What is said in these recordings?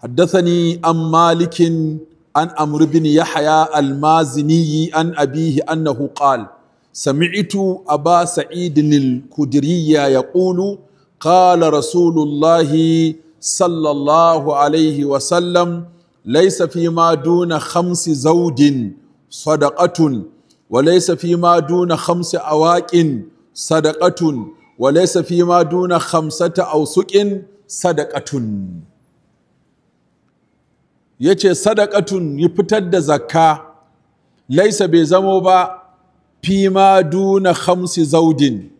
حدثني عن مالك عن عمرو بن يحيى المازني عن أبيه أنه قال سمعت أبا سعيد الكدري يقول قال رسول الله صلى الله عليه وسلم ليس فيما دون خمس زوج صدقة وليس فيما دون خمس أواك صدقة وليس فيما دون خمسة أوسك صدقة ya ce sadakatun yi fitar da zakka laisa bai zamo ba fi ma duna hamsi zaudin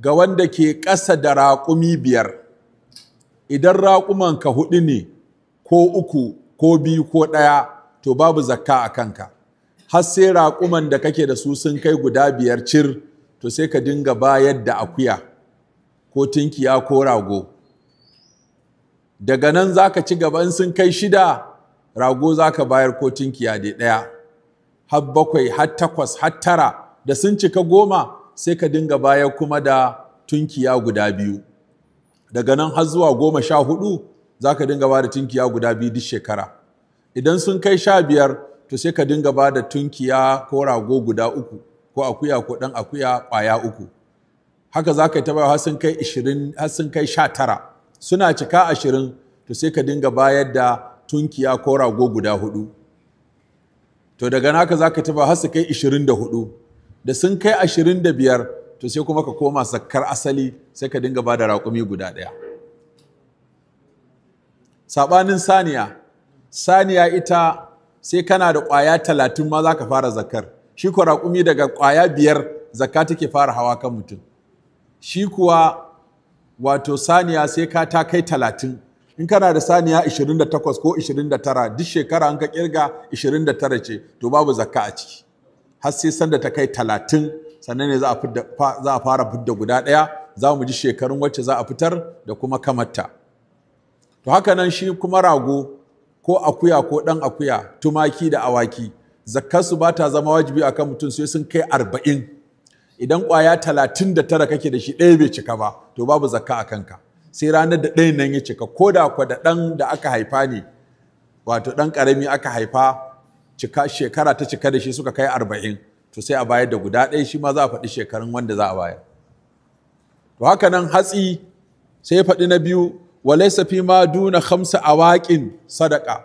ga wanda ke ƙasa da raƙumi biyar idan raƙuman ka huɗu ne ko uku ko biyu ko ɗaya to babu zakka a kanka har sai raƙuman da kake da su sun kai guda biyar cir to sai ka dinga bayar da akuya ko tinkiya ko rago daga nan za ka ci gaban sun kai shida rago za ka bayar ko tunkiya dai ɗaya har bakwai har takwas har tara da sun cika goma sai ka dinga bayar kuma da tunkiya guda biyu daga nan har zuwa goma sha hudu za ka dinga ba da tunkiya guda biyu duk shekara idan sun kai sha biyar to sai ka dinga ba da tunkiya ko rago guda uku ko akuya ko ɗan akuya ƙwaya uku haka za ka yi ta bayar sun kai ishirin har kai sha tara suna cika ashirin to sai ka dinga bayar da tunkiya ko rago guda hudu to daga naka za ka tafa har su kai 24 da sun kai ashirin 25 to sai kuma ka koma sakkar asali sai ka dinga ba da raƙumi guda ɗaya saɓanin saniya saniya ita sai kana da ƙwaya talatin ma za ka fara zakar shi ko raƙumi daga ƙwaya biyar zakka take fara hawa kan mutum shi kuwa wato saniya sai ka ta kai talatin in kana da saniya 28 ko 29 duk shekara an ka kirga 29 ce to babu zakka a ciki har sai sanda ta kai 30 sannan ne za a fara fidda guda ɗaya za mu ji shekarun wacce za a fitar da kuma kamarta to haka nan shi kuma rago ko akuya ko ɗan akuya tumaki da awaki zakkarsu ba ta zama wajibi akan mutum sai sun kai arba'in idan ƙwaya talatin da tara kake da shi ɗaya bai cika ba to babu zakka a kanka sai ranar da ɗaya nan ya cika ko da kwa ɗan da aka haifa ne wato ɗan ƙarami aka haifa cika shekara ta cika da shi suka kai arba'in to sai a bayar da guda ɗaya shi ma za a faɗi shekarun wanda za a bayar to haka nan hatsi sai ya faɗi na biyu walaisa fi ma duna khamsa waƙin sadaka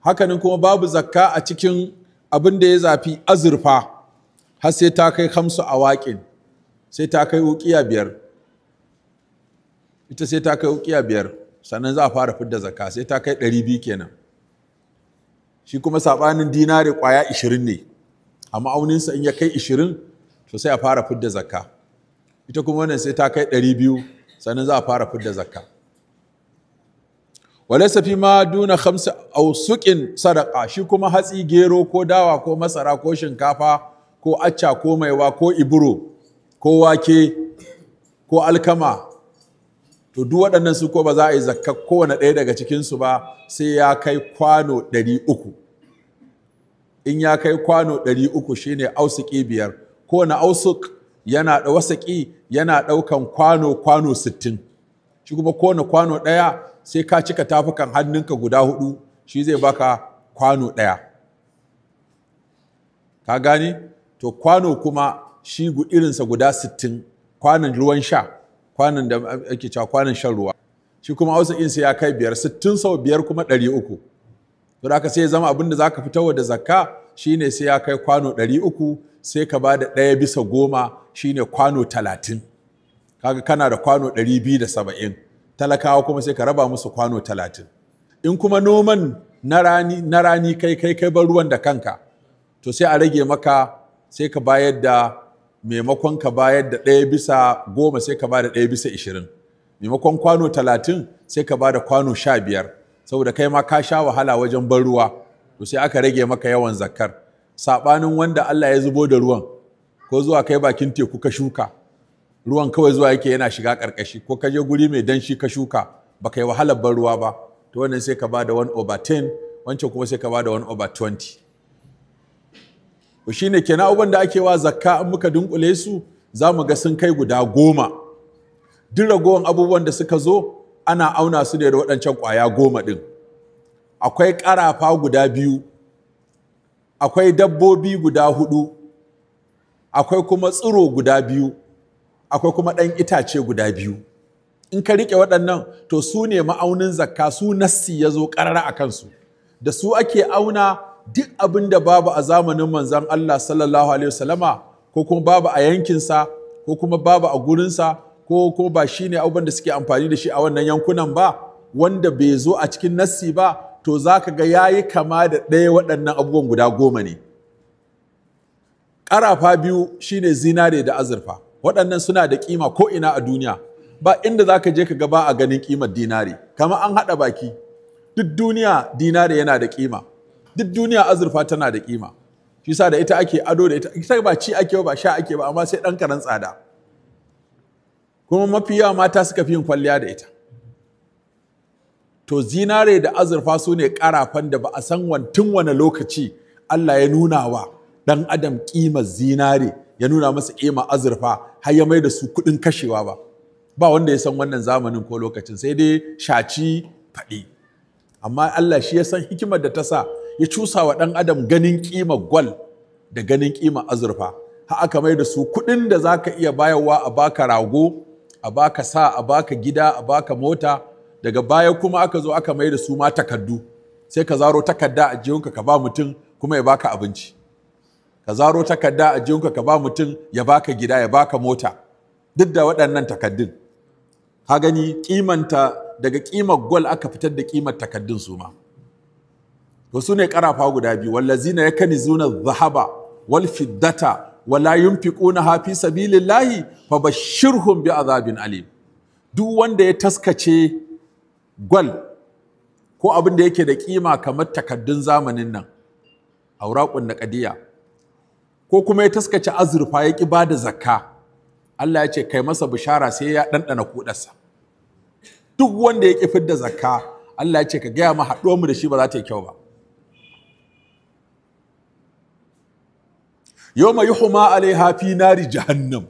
haka nan kuma babu zakka a cikin abin da ya zafi azurfa har sai ta kai a waƙin. sai ta kai ukiya biyar ita sai ta kai ukiya biyar sannan za a fara fidda zakka sai ta kai ɗari biyu kenan shi kuma saɓanin dinari ƙwaya ishirin ne a ma'auninsa in ya kai ishirin to sai a fara fidda zakka ita kuma wannan sai ta kai ɗari biyu sannan za a fara fidda zakka walaisa fi ma duna khamsa aw suqin sadaqa shi kuma hatsi gero ko dawa ko masara ko shinkafa ko acca ko maiwa ko iburo ko wake ko alkama to duk waɗannan su ko ba za a yi zakka kowane ɗaya daga cikinsu ba sai ya kai kwano ɗari uku in ya kai kwano ɗari uku shine ausuki biyar kowane ausuk yana da yana ɗaukan kwano kwano sittin shi kuma kowane kwano ɗaya sai ka cika tafukan hannunka guda hudu shi zai baka kwano ɗaya ka gane to kwano kuma shi irinsa guda sittin kwanon ruwan sha kwanan da ake cewa kwanan shan ruwa shi kuma hausa insa ya kai biyar sittin sau biyar kuma ɗari uku to da sai zama abin da za ka fitar da zakka shine sai ya kai kwano ɗari uku sai ka ba da ɗaya bisa goma shine kwano talatin kaga kana da kwano ɗari biyu da saba'in talakawa kuma sai ka raba musu kwano talatin in kuma noman na rani na rani kai kai kai ban ruwan da kanka to sai a rage maka sai ka bayar da maimakon ka bayar da ɗaya bisa goma sai ka bada ɗaya bisa ishirin maimakon kwano talatin sai ka bada kwano sha biyar saboda kai ma ka sha wahala wajen ban ruwa to sai aka rage maka yawan zakkar saɓanin wanda Allah ya zubo da ruwan ko zuwa kai bakin teku ka shuka ruwan kawai zuwa yake yana shiga ƙarƙashi ko ka je guri mai danshi ka shuka ba ka yi wahalar ban ruwa ba to wannan sai ka bada 1 over 10 wancan kuma sai ka bada wani over 20 ne kenan abubuwan da ake wa zakka in muka dunkule su za mu ga sun kai guda goma duk ragowar abubuwan da suka zo ana auna su ne da waɗancan ƙwaya goma ɗin akwai ƙarafa guda biyu akwai dabbobi guda hudu akwai kuma tsiro guda biyu akwai kuma ɗan itace guda biyu in ka riƙe waɗannan to su ne ma'aunin zakka su nassi ya zo ƙarara a kansu da su ake auna duk abin da babu a zamanin manzan Allah sallallahu alaihi wasallama ko kuma babu a yankinsa ko kuma babu a gurinsa ko kuma ba shi ne abin da suke amfani da shi a wannan yankunan ba wanda bai zo a cikin nassi ba to za ka ga ya yi kama da ɗaya waɗannan abubuwan guda goma ne ƙarafa biyu shine zinare da azurfa waɗannan suna da ƙima ko ina a duniya ba inda za ka je ka gaba a ganin ƙimar dinare kama an haɗa baki duk duniya dinare yana da ƙima duk duniya azurfa tana da kima shi sa da ita ake ado da ita ita ba ci ake ba sha ake ba amma sai dan karan tsada kuma mafi yawa mata suka fi yin kwalliya da ita to zinare da azurfa su ne karafan da ba a san wantun wani lokaci Allah ya nuna wa dan adam kimar zinare ya nuna masa kima azurfa har ya mai da su kuɗin kashewa ba ba wanda ya san wannan zamanin ko lokacin sai dai shaci faɗi amma Allah shi ya san hikimar da ta sa ya cusa wa ɗan adam ganin kima gwal da ganin kima azurfa ha aka mai da su kuɗin da zaka iya bayarwa a baka rago a baka sa a baka gida a baka mota daga baya kuma aka zo aka mai da su ma takardu. sai ka zaro takarda a jiyonka ka ba mutum kuma ya baka abinci ka zaro takarda a jiyonka ka ba mutum ya baka gida ya baka mota duk da waɗannan takardun. ka gani kimanta daga kimar gwal aka fitar da kimar takardun su ma to su ne karafa guda biyu wallazina zuna zahaba. wal fiddata wala hafi yunfiqunaha Fa ba shirhun bi azabin alim duk wanda ya taskace gwal ko abin da yake da kima kamar takaddun zamanin nan na kadiya ko kuma ya taskace azurfa ya ki bada zakka Allah ya ce kai masa bishara sai ya ɗanɗana kuɗarsa duk wanda ya ƙi fidda zakka Allah ya ce ka gaya ma haɗuwar mu da shi ba za ta yi kyau ba yawma yuhma alaiha fi nari jahannam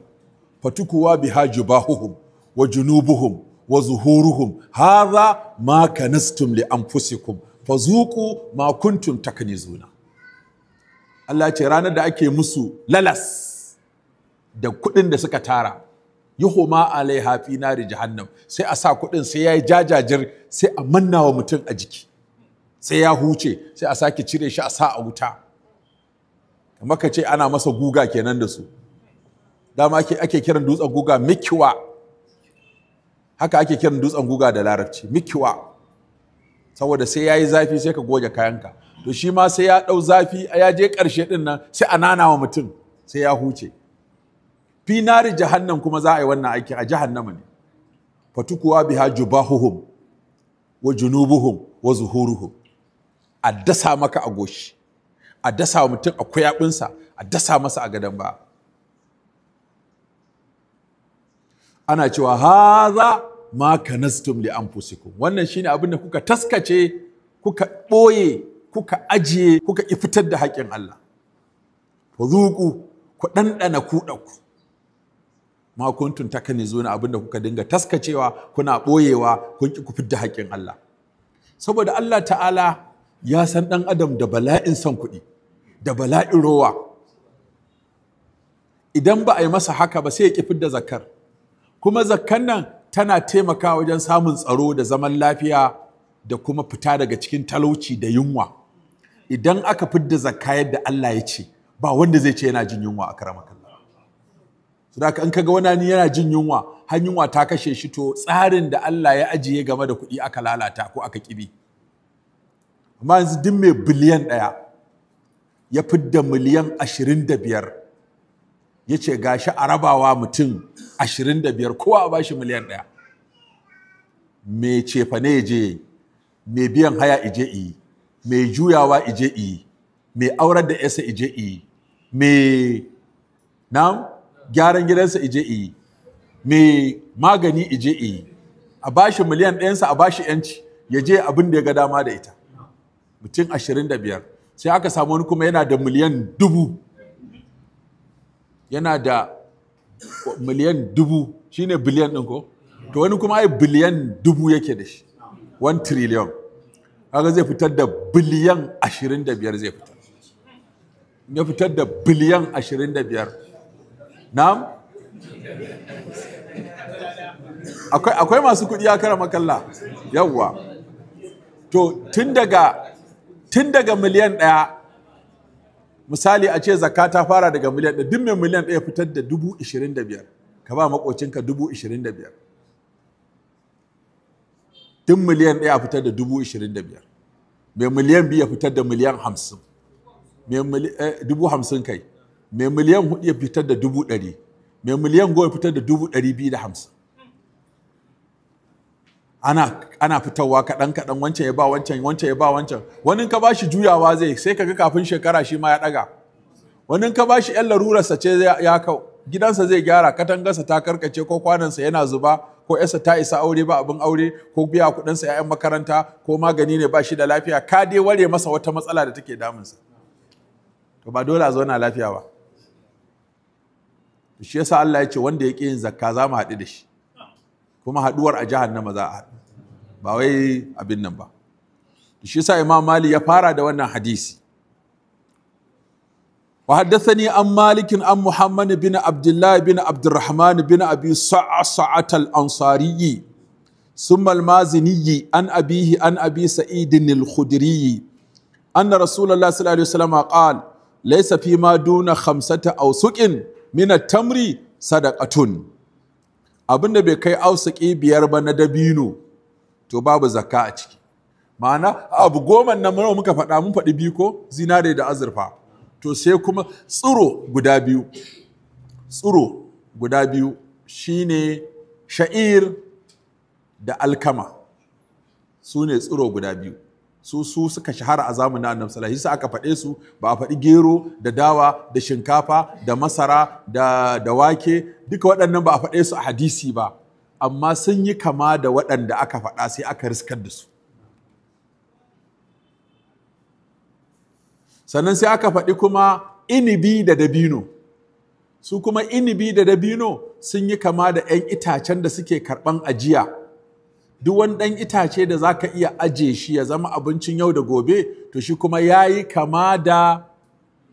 fatukuwa biha jubahuhum wa junubuhum wa zuhuruhum haza ma kanastum li anfusikum zuku ma kuntum taknizuna Allah ce ranar da ake musu lalas da kuɗin da suka tara yi yuhuma alaiha fi nari jahannam sai a sa kuɗin sai yi jajajir sai a manna wa mutum a jiki sai ya huce sai a sake cire shi a sa a wuta Maka ce ana masa guga kenan da su dama ake kiran dutsen guga mikiwa haka ake kiran dutsen guga da larabci mikiwa saboda sai ya yi zafi sai ka goge kayanka to shi ma sai ya ɗau zafi ya je ƙarshe ɗin nan sai a nanawa mutum sai ya huce finari jahannan kuma za a yi wannan aiki a jahannama ne fatukuwa biha jubahuhum wa junubuhum wa zuhuruhum a dasa maka a goshi a dasa wa mutum a kuyaɓinsa a dasa masa a gadon ba ana cewa haza ma kanastum li anfusiku wannan shine abin da kuka taskace kuka ɓoye kuka ajiye kuka fitar da haƙƙin Allah ku zuku ku ɗanɗana kuɗanku ma kuntum takanizuna abin da kuka dinga taskacewa kuna ɓoyewa kun ki ku da haƙƙin Allah saboda Allah ta'ala ya san ɗan adam da bala'in son kuɗi da bala'in rowa idan ba a yi masa haka ba sai ya ƙi da zakar kuma zakar nan tana taimaka wajen samun tsaro da zaman lafiya da kuma fita daga cikin talauci da yunwa idan aka fidda zakka yadda Allah ya ce ba wanda zai ce yana jin yunwa a karamakan saboda in kaga wani yana jin yunwa har yunwa ta kashe shi to tsarin da Allah ya ajiye game da kuɗi aka lalata ko aka kibi amma yanzu duk mai biliyan ɗaya ya fidda miliyan 25 ya ce gashi a rabawa mutum 25 kowa a bashi miliyan ɗaya mai cefa ne je mai biyan haya ije yi mai juyawa ije yi mai auren da yasa ije yi mai na gyaran gidansa ije yi mai magani ije yi a bashi miliyan ɗayansa a bashi yanci ya je abin da ya ga dama da ita mutum ashirin da biyar sai aka samu wani kuma yana da miliyan dubu yana da miliyan dubu Shi ne biliyan ɗin ko to wani kuma ai biliyan dubu yake da shi 1 trillion aka zai fitar da biliyan 25 zai fitar ya fitar da biliyan 25 na'am akwai masu kuɗi ya kara makalla yawwa to tun daga tun daga miliyan ɗaya misali a ce zakka ta fara daga miliyan ɗaya duk mai miliyan ɗaya fitar da dubu ishirin da biyar ka ba makocinka dubu ishirin da biyar duk miliyan ɗaya fitar da dubu ishirin da biyar mai miliyan biyu ya fitar da miliyan hamsin eh, dubu hamsin kai mai miliyan hudu ya fitar da dubu ɗari mai miliyan goma ya fitar da dubu ɗari biyu da hamsin ana ana fitowa kaɗan kaɗan wancan ya ba wancan wancan ya ba wancan wani ka bashi juyawa zai sai kaga kafin shekara shi ma ya ɗaga wani ka bashi yan larurarsa ce ya kau gidansa zai gyara katangarsa ta karkace ko kwanansa yana zuba ko yarsa ta isa aure ba abin aure ko biya kuɗinsa 'ya'yan makaranta ko magani ne ba shi da lafiya ka dai ware masa wata matsala da take damunsa to ba dole a zauna lafiya ba shi yasa Allah ya ce wanda ya ƙi yin zakka za mu haɗu da shi kuma haɗuwar a jihar na maza a ba wai abin nan ba shi sa imam mali ya fara da wannan hadisi wa ni an malikin an muhammad bin abdullahi bin abdurrahman bin abi sa'at al ansari ثم المازني عن أبيه عن أبي سعيد الخدري أن رسول الله صلى الله عليه وسلم قال ليس فيما دون خمسة أو سكن من التمر صدقة abin da bai kai ausaki biyar ba na dabino to babu zakka a ciki ma'ana abu goma na nawa muka faɗa mun faɗi biyu ko zinare da azurfa to sai kuma tsiro guda biyu tsiro guda biyu shine sha'ir da alkama su ne tsiro guda biyu su su suka shahara a zamanin annabi sallallahu alaihi aka faɗe su ba a faɗi gero da dawa da shinkafa da masara da da wake duka waɗannan ba a faɗe su a hadisi ba amma sun yi kama da waɗanda aka faɗa sai aka riskar da su sannan sai aka faɗi kuma inibi da dabino su kuma inibi da dabino sun yi kama da 'yan itacen da suke karɓan ajiya duk wani ɗan itace da za ka iya aje shi ya zama abincin yau da gobe to shi kuma ya yi kama da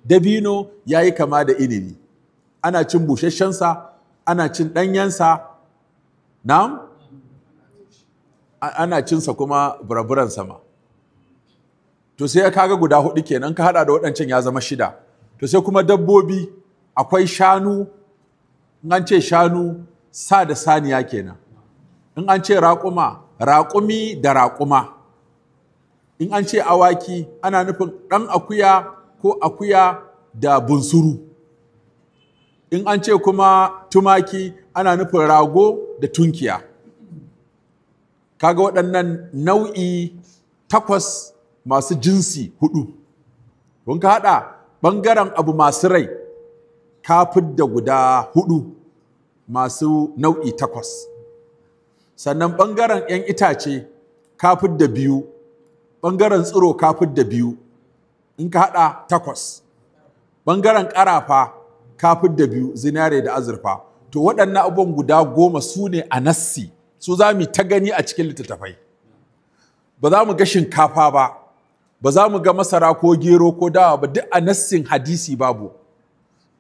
dabino ya yi kama da inibi ana cin busasshensa ana cin ɗanyensa na ana cinsa kuma buraburan sama to sai ya kaga guda hudu kenan ka hada da waɗancan ya zama shida to sai kuma dabbobi akwai shanu an ce shanu sa da saniya kenan in an ce raƙuma raƙumi da raƙuma in an ce awaki ana nufin ɗan akuya ko akuya da bunsuru in an ce kuma tumaki ana nufin rago da tunkiya kaga waɗannan nau'i takwas masu jinsi hudu kun ka haɗa ɓangaren abu masu rai kafin da guda hudu masu nau'i takwas sannan ɓangaren 'yan itace kafin da biyu ɓangaren tsiro kafin da biyu in ka haɗa takwas ɓangaren ƙarafa kafin da biyu zinare da azurfa to waɗannan abubuwan guda goma su ne a nassi su za mu ta gani a cikin littattafai ba za mu ga shinkafa ba ba za mu ga masara ko gero ko dawa ba duk a nassin hadisi babu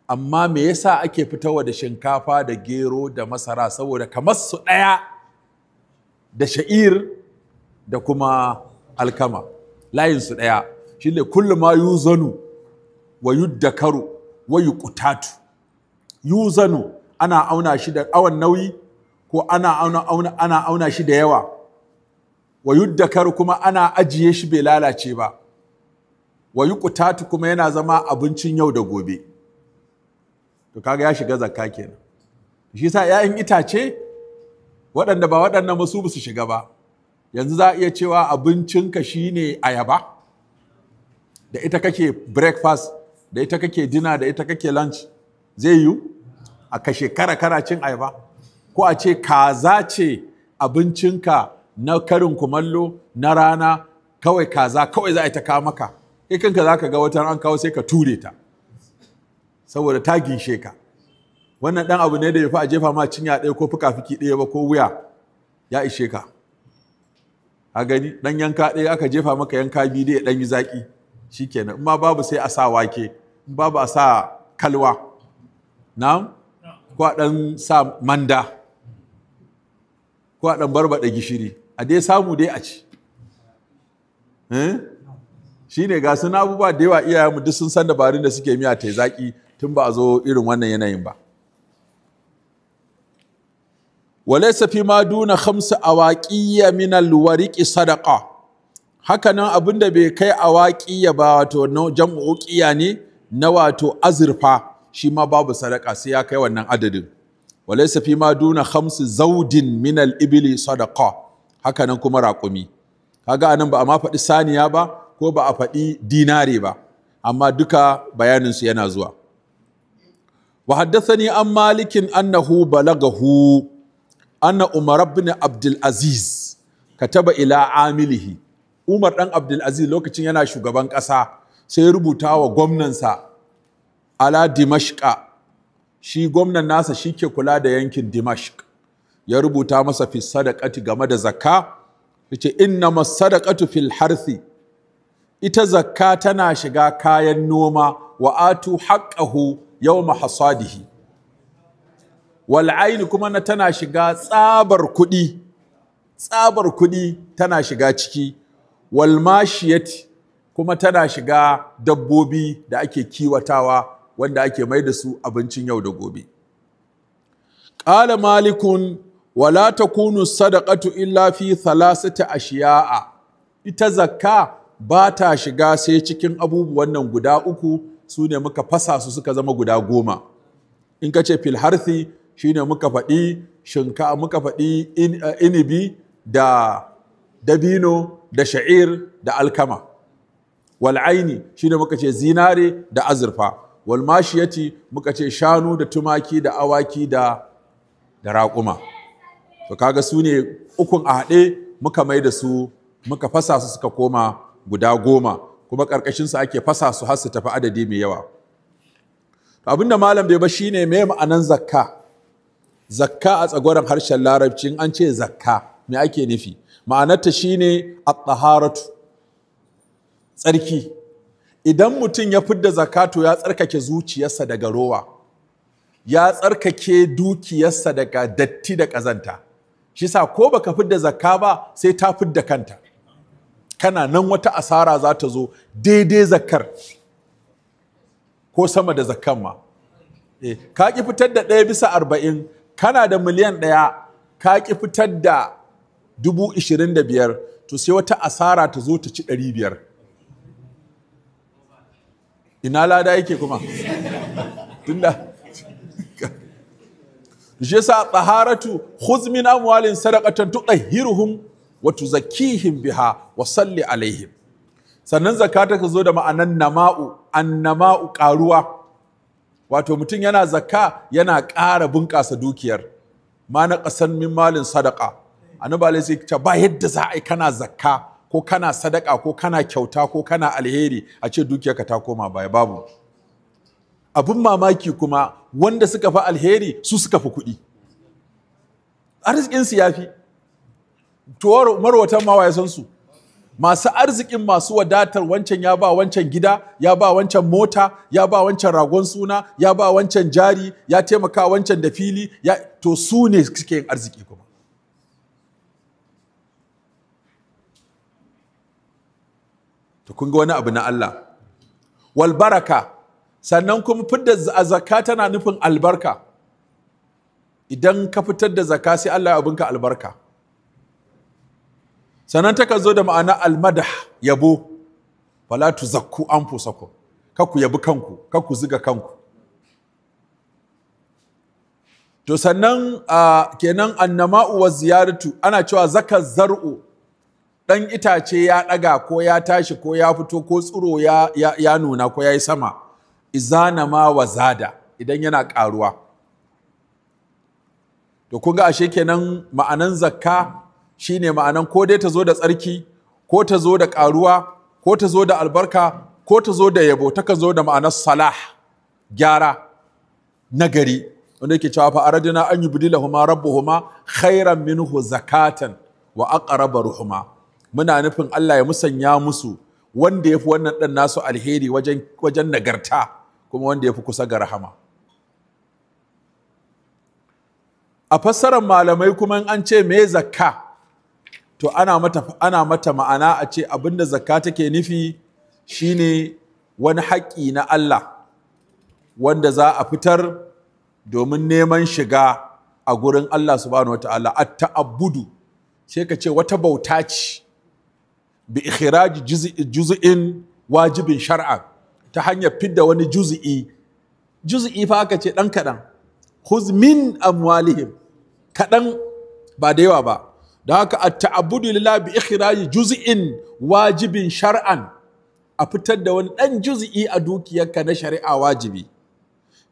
amma me yasa ake fitowa da shinkafa da gero da masara saboda kamar su ɗaya da sha'ir da kuma alkama Layin su ɗaya shi ne kullum ma zanu wa dakaru wa Yu zanu. ana auna shi da awan nauyi ko ana auna, shi da yawa wa dakaru kuma ana ajiye shi bai lalace ba wa kutatu kuma yana zama abincin yau da gobe to kaga ya shiga zakka kenan shi sa 'ya'yan itace waɗanda ba waɗannan ba su shiga ba yanzu za a iya cewa abincinka shine ayaba da ita kake breakfast da ita kake dinner, da ita kake lunch zai yiwu a kashe kara kara cin ayaba ko a ce kaza ce abincinka na karin kumallo na rana kawai kaza kawai za a ta kamaka maka kai za ka ga wata an kawo sai ka ture ta saboda ta gishe ka wannan ɗan abu ne da ya fi a jefa ma cinya ɗaya ko fuka-fuki ɗaya ba ko wuya ya ishe ka a gani ɗan yanka ɗaya aka jefa maka yanka biyu dai ɗan yi zaƙi shi kenan in ma babu sai a sa wake in babu a sa kalwa na ko a ɗan sa manda ko a ɗan barbaɗa gishiri a dai samu dai a ci eh? shi ne ga suna abubuwa da yawa iyayenmu duk sun san dabarun da suke miya ta zaƙi tun ba a zo irin wannan yanayin ba walaysa fi ma duna khamsa awaqiyya min alwariqi sadaqa hakanan abinda bai kai awaqiyya ba wato no, jam'u qiya ne na wato azurfa shi ma babu Sadaqa sai ya kai wannan adadin walaysa fi ma duna khamsi zawdin min al sadaqa hakanan kuma raƙumi kaga anan ba a ma faɗi saniya ba ko ba a faɗi dinare ba amma duka bayanin su yana zuwa wa haddathani an malikin annahu balagahu anna umar ibn abdul aziz kataba ila amilihi umar dan abdul aziz lokacin yana shugaban kasa sai ya rubuta wa gwamnansa ala dimashqa shi gwamnan nasa shi ke kula da yankin dimashq ya rubuta masa fi sadaqati game da zakka yace inna sadaqatu fil harthi ita zakka tana shiga kayan noma wa atu haqqahu yawma hasadihi wal'aini kuma na tana shiga tsabar kuɗi tsabar kuɗi tana shiga ciki walmashiyati kuma tana shiga dabbobi da ake kiwatawa wanda ake mai da su abincin yau da gobe ƙala malikun wala takunu sadaqatu illa fi thalathati ashiya'a ita zakka ba ta shiga sai cikin abubuwan nan guda uku su ne muka fasa su suka zama guda goma in ka ce fil shine muka faɗi shinka muka faɗi eh, inibi da dabino da sha'ir da alkama wal'aini shine muka ce zinare da azurfa walmashiyati muka ce shanu da tumaki da awaki da da raƙuma to kaga su ne ukun a haɗe muka mai da su muka fasa su suka koma guda goma kuma ƙarƙashinsu ake fasa su har su tafi adadi mai yawa abinda malam bai ba shine me ma'anan zakka zakka a tsagoran harshen larabci an ce zakka me ake nufi ma'anarta shine at-taharatu tsarki idan mutum ya fidda to ya tsarkake zuciyarsa daga rowa ya tsarkake dukiyarsa daga datti da ƙazanta shi sa ko baka fidda zakka ba sai ta fidda kanta kana nan wata asara za ta zo daidai zakkar ko sama da zakkan ma e, ka ki fitar da ɗaya bisa arba'in kana da miliyan ɗaya ka ƙi fitar da dubu ishirin da biyar to sai wata asara ta zo ta ci ɗari biyar ina lada yake kuma tunda shi yasa taharatu khudh min amwalin sadaqatan tutahhiruhum wa tuzakkihim biha wa salli alaihim sannan zakata ka zo da ma'anan nama'u annama'u karuwa wato mutum yana zakka yana ƙara bunƙasa dukiyar ma na ƙasan min malin sadaka annabi alaihi ta ba yadda za a yi kana zakka ko kana sadaka ko kana kyauta ko kana alheri a ce dukiyarka ta koma baya babu abin mamaki kuma wanda suka fi alheri su suka fi kuɗi arzikinsu ya fi tuwar marwatan mawa ya san su masu arzikin masu wadatar wancan ya ba wancan gida ya ba wancan mota ya ba wancan ragon suna ya ba wancan jari ya taimaka wancan da fili ya to su ne suke yin arziki kuma to kun ga wani abu na Allah wal baraka sannan kuma fidda zakka tana nufin albarka idan ka fitar da zakka sai Allah ya abinka albarka sannan ta zo da ma'ana almadah yabo fala tu zakku anfusakum kaku yabi kanku kaku ziga kanku to sannan kenan annama'u wa ziyaratu ana cewa zaka zar'u dan itace ya daga ko ya tashi ko ya fito ko tsiro ya, nuna ko ya yi sama izana ma wa zada idan yana karuwa to kun ga ashe kenan ma'anan zakka Shi ne ma'anan ko dai ta zo da tsarki ko ta zo da ƙaruwa ko ta zo da albarka ko ta zo da yabo ta zo da ma'anar salah gyara nagari wanda yake cewa fa aradina an yubdilahuma rabbuhuma khairan minhu zakatan wa aqraba ruhuma muna nufin Allah ya musanya musu wanda yafi wannan dan nasu alheri wajen wajen nagarta kuma wanda yafi kusa ga rahama a fassarar malamai kuma an ce me zakka to ana mata ana mata ma'ana a ce abinda zakka take nufi shine wani haƙƙi na Allah wanda za a fitar domin neman shiga a gurin Allah subhanahu wataala a ta'abudu sai ka ce wata bauta ce bi ikhraj juz'in wajibin shar'a ta hanyar fidda wani juz'i juz'i fa aka ce dan kadan khuz min amwalihim kadan ba da yawa ba da haka a ta'abudu lillahi bi ikhraji juz'in wajibin shar'an a fitar da wani dan juz'i a dukiyarka na shari'a wajibi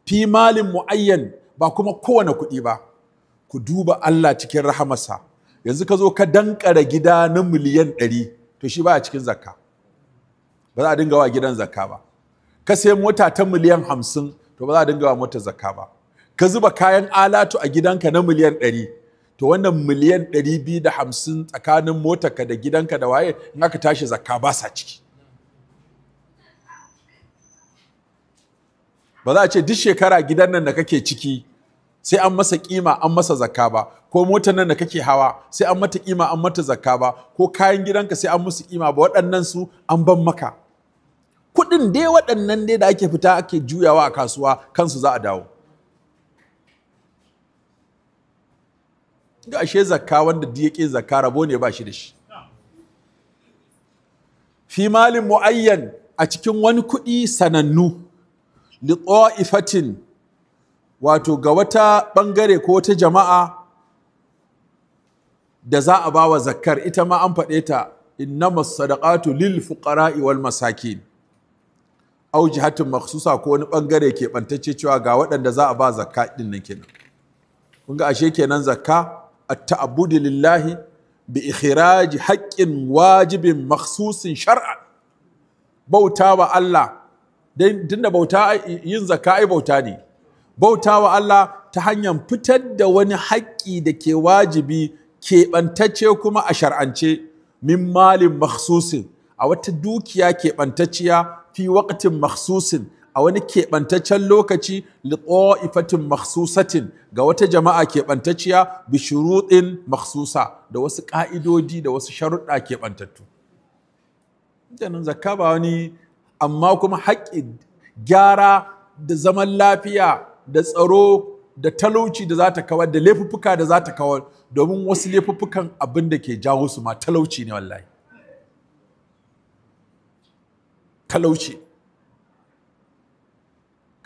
fi malin mu'ayyan ba kuma kowane kuɗi ba ku duba Allah cikin rahamarsa yanzu ka zo ka dankara gida na miliyan ɗari to shi ba a cikin zakka ba za a dinga wa gidan zakka ba ka sai mota ta miliyan hamsin to ba za a dinga wa mota zakka ba ka zuba kayan alatu a gidanka na miliyan ɗari to wannan miliyan 250 tsakanin motarka da gidanka da waye in aka tashi zakka ba sa ciki ba za a ce duk shekara gidan nan da kake ciki sai an masa kima an masa zakka ba ko motar nan da kake hawa sai an mata kima an mata zakka ba ko kayan gidanka sai an musu kima ba waɗannan su an ban maka kuɗin dai waɗannan dai da ake fita ake juyawa a kasuwa kansu za a dawo ga ashe zakka wanda diyake zakka rabo ne ba shi da shi fi malin mu'ayyan a cikin wani kuɗi sanannu li ifatin wato ga wata ɓangare ko wata jama'a da za a ba wa zakkar ita ma an faɗe ta innama masadaƙatu lil fuƙara wal masakin au jihatin maksusa ko wani ɓangare ke ɓantacce cewa ga waɗanda za a ba zakka ɗin nan kenan kun ga ashe kenan zakka التعبد لله بإخراج حق واجب مخصوص شرعا بوتا الله tun da bauta yin zakka ai bauta ne bauta wa Allah ta hanyar fitar da wani haƙƙi da ke wajibi keɓantace kuma a shar'ance min malin makhsusin a wata dukiya keɓantaciya fi waƙatin maksusin. a wani keɓantaccen lokaci ifatin maksusatin, ga wata jama'a keɓantacciya bishiruɗin maksusa, da wasu ƙa'idodi da wasu sharuɗa keɓantattu Janin zakka ba wani amma kuma haƙƙi gyara da zaman lafiya da tsaro da talauci da za ta kawar da laifuffuka da za ta kawar domin wasu laifuffukan abin da ke jawo su ma talauci ne wallahi talauci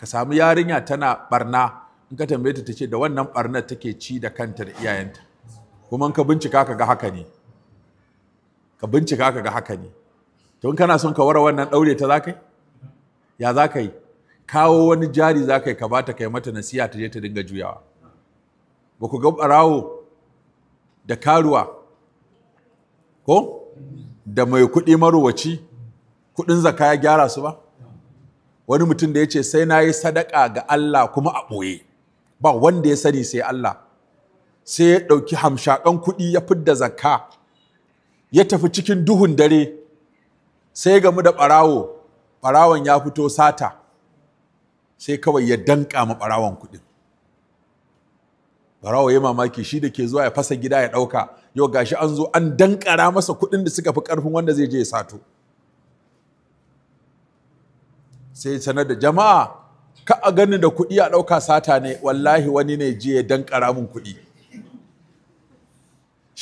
ka samu yarinya tana barna in ka tambaye ta ta ce da wannan barnar take ci da kanta da iyayenta kuma ka bincika ka ga haka ne ka bincika ka ga haka ne to in kana son ka wara wannan daure ta zakai ya zakai kawo wani jari zakai ka bata kai mata nasiha ta je ta dinga juyawa ba ku ga barawo da karuwa ko da mai kuɗi marowaci kuɗin zaka ya gyara su ba wani mutum da ya ce sai na yi sadaka ga Allah kuma a ɓoye ba wanda ya sani sai Allah sai ya ɗauki hamshakan kuɗi ya fidda zakka ya tafi cikin duhun dare sai gamu da ɓarawo ɓarawon ya fito sata sai kawai ya danƙa ma ɓarawon kuɗi. ɓarawo ya mamaki shi da ke zuwa ya fasa gida ya ɗauka yau gashi an zo an danƙara masa kuɗin da suka fi ƙarfin wanda zai je ya sato sai sanar da jama'a ka a ganin da kuɗi a ɗauka sata ne wallahi wani ne ya dan karamin kuɗi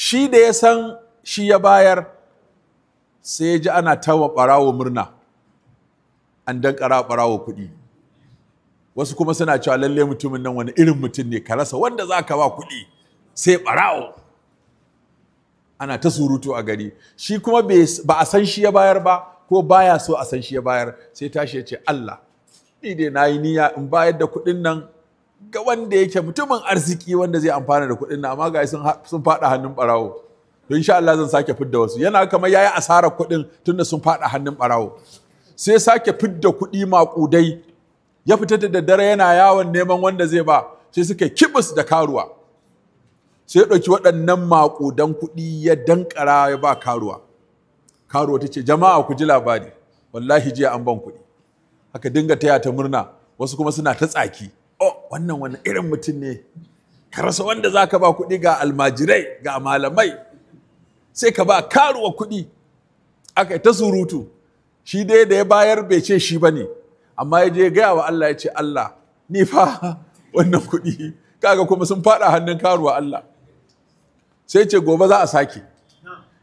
shi da ya san shi ya bayar sai ya ji ana tawa ɓarawo murna an dan ƙara ɓarawo kuɗi wasu kuma suna cewa lalle mutumin nan wani irin mutum ne ka rasa wanda za ka ba kuɗi sai ɓarawo ana ta surutu a gari shi kuma ba a san shi ya bayar ba ko baya so a san shi ya bayar sai tashi ya ce Allah ni dai na yi niyya in bayar da kuɗin nan ga wanda yake mutumin arziki wanda zai amfana da kuɗin nan amma ga sun sun faɗa hannun barawo. to insha Allah zan sake fidda wasu yana kamar yayi asarar kuɗin tunda sun faɗa hannun barawo. sai sake fidda kuɗi maƙudai ya fita da daddare yana yawon neman wanda zai ba sai suka kibis da karuwa sai ya ɗauki waɗannan maƙudan kuɗi ya dankara ya ba karuwa Karuwa ta ce jama'a ku ji labari wallahi jiya an ban kuɗi Aka dinga taya ta murna wasu kuma suna ta tsaki oh wannan wani irin mutum ne ka rasa wanda za ka ba kuɗi ga almajirai ga malamai sai ka ba karuwa kuɗi aka ta surutu shi dai da ya bayar bai ce shi ba ne amma ya je gaya wa Allah ya ce Allah ni fa wannan kuɗi kaga kuma sun faɗa hannun karuwa Allah sai ce gobe za a sake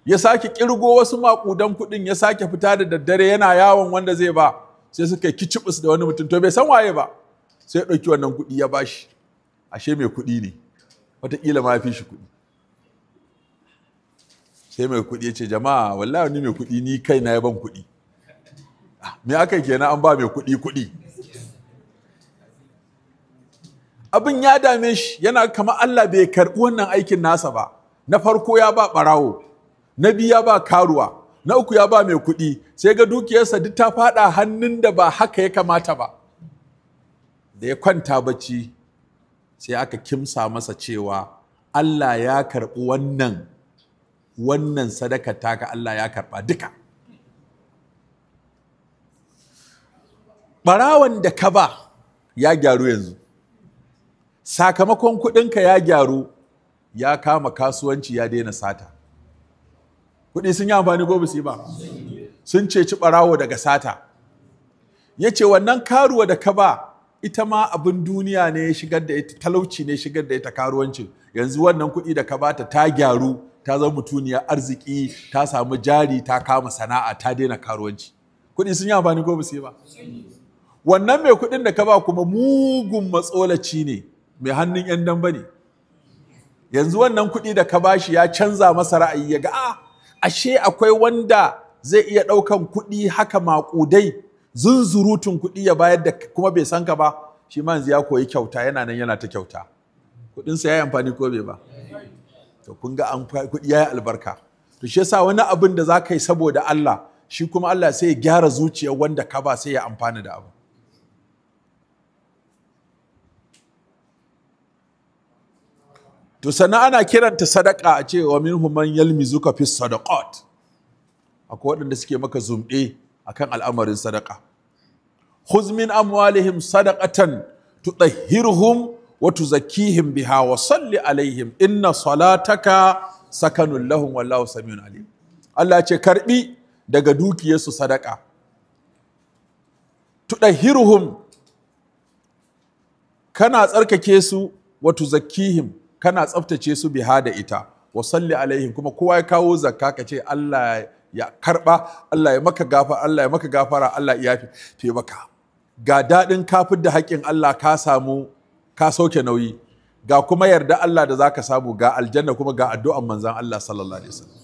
ya sake kirgo wasu makudan kuɗin ya sake fita da daddare yana yawon wanda zai ba sai suka kicibus da wani mutum to bai san waye ba sai ɗauki wannan kuɗi ya bashi ashe mai kuɗi ne wataƙila ma fi shi kuɗi sai mai kuɗi ya ce jama'a wallahi wani mai kuɗi ni kai na ya ban kuɗi ah, me aka kenan an ba mai kuɗi kuɗi abin ya dame shi yana kama Allah bai karɓi wannan aikin nasa ba na farko ya ba ɓarawo na biyu ya ba karuwa na uku ya ba mai kuɗi sai ga dukiyarsa duk ta faɗa hannun da ba haka ya kamata ba da ya kwanta bacci sai aka kimsa masa cewa Allah ya karɓi wannan wannan sadaka taka Allah ya karɓa duka ɓarawan da ka ba ya gyaru yanzu sakamakon kuɗinka ya gyaru ya kama kasuwanci ya daina sata kuɗi sun yi amfani ko su yi ba sun ceci ɓarawo daga sata ya ce wannan karuwa da ka ba ita ma abin duniya ne ya shigar da ita talauci ne shigar da ita karuwanci. yanzu wannan kuɗi da ka ba ta gyaru ta zama mutuniyar arziki ta samu jari ta kama sana'a ta daina karuwanci kuɗi sun yi amfani ko su yi ba wannan mai kuɗin da ka ba kuma mugun matsolaci ne mai hannun 'yan damba ne yanzu wannan kuɗi da ka shi ya canza masa ra'ayi ya ga a ah, ashe akwai wanda zai iya ɗaukan kuɗi haka maƙudai zunzurutun kuɗi ya bayar da kuma bai san ka ba shi ma ya koyi kyauta yana nan yana ta kyauta kuɗinsa ya yi amfani ko bai ba to kun ga an kuɗi ya albarka to shi yasa wani abin da za ka yi saboda Allah shi kuma Allah sai ya gyara zuciyar wanda ka ba sai ya amfana da abu to sannan ana kiranta sadaka a ce wa minhum man yalmizuka fi sadaqat akwai waɗanda suke maka zumɗe akan al'amarin sadaka khuz min amwalihim sadaqatan tutahhiruhum wa tuzakkihim biha wa salli alaihim inna salataka sakanun lahum wallahu samiun alim Allah ce karbi daga dukiyarsu sadaka tudahhiruhum kana tsarkake su wa tuzakkihim kana tsaftace su biha da ita wa salli alaihim kuma kowa ya kawo zakka ka ce Allah ya karba Allah ya maka gafara Allah ya maka gafara Allah ya fi maka ga dadin kafin da haƙin Allah ka samu ka sauke nauyi ga kuma yarda Allah da zaka samu ga aljanna kuma ga addu'an manzon Allah sallallahu alaihi wasallam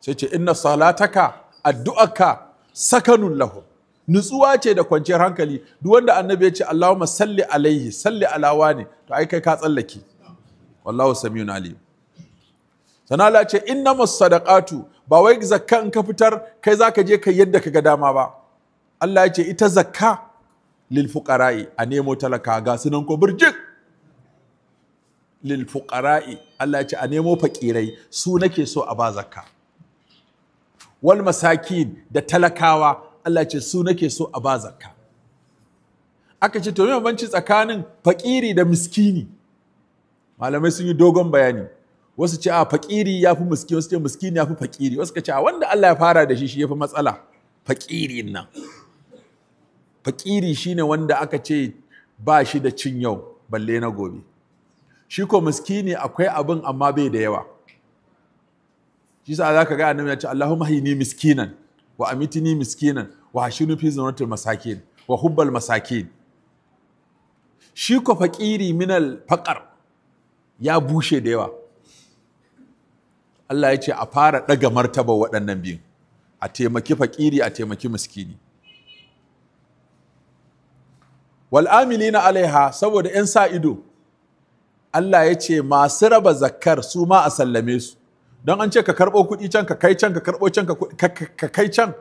sai ce inna salataka addu'aka sakanun lahu nutsuwa ce da kwanciyar hankali duk wanda annabi ya ce Allahumma salli alaihi salli alawa ne to ai kai ka tsallake wallahu samiyun alim sana Allah ce inna sadaqatu ba wai zakka in ka fitar kai zaka je kai yadda ka ga dama ba Allah ya ce ita zakka lil fuqara'i a nemo talaka ga sunan ko burjik lil fuqara'i Allah ya ce a nemo fakirai su nake so a ba zakka wal masakin da talakawa Allah ya ce su nake so a ba zakka aka ce to banci tsakanin fakiri da miskini malamai sun yi dogon bayani wasu ce a fakiri ya fi miskini wasu ce miskini ya fi fakiri wasu ka ce a wanda Allah ya fara da shi shi ya fi matsala fakiri nan fakiri shine wanda aka ce ba shi da cin yau balle na gobe shi ko miskini akwai abin amma bai da yawa shi sa za ka ga annabi ya ce Allahumma hayni miskinan wa amitini miskinan wa hashinu fi zanatul masakin wa hubbal masakin shi ko faƙiri minal fakar ya bushe da yawa Allah ya ce a fara ɗaga martaba waɗannan biyu a taimaki faƙiri a taimaki miskini wal'amili na alaiha saboda 'yan sa ido Allah ya ce masu raba zakkar su ma a sallame su don an ce ka karɓo kuɗi can ka kai can ka karɓo can ka kai can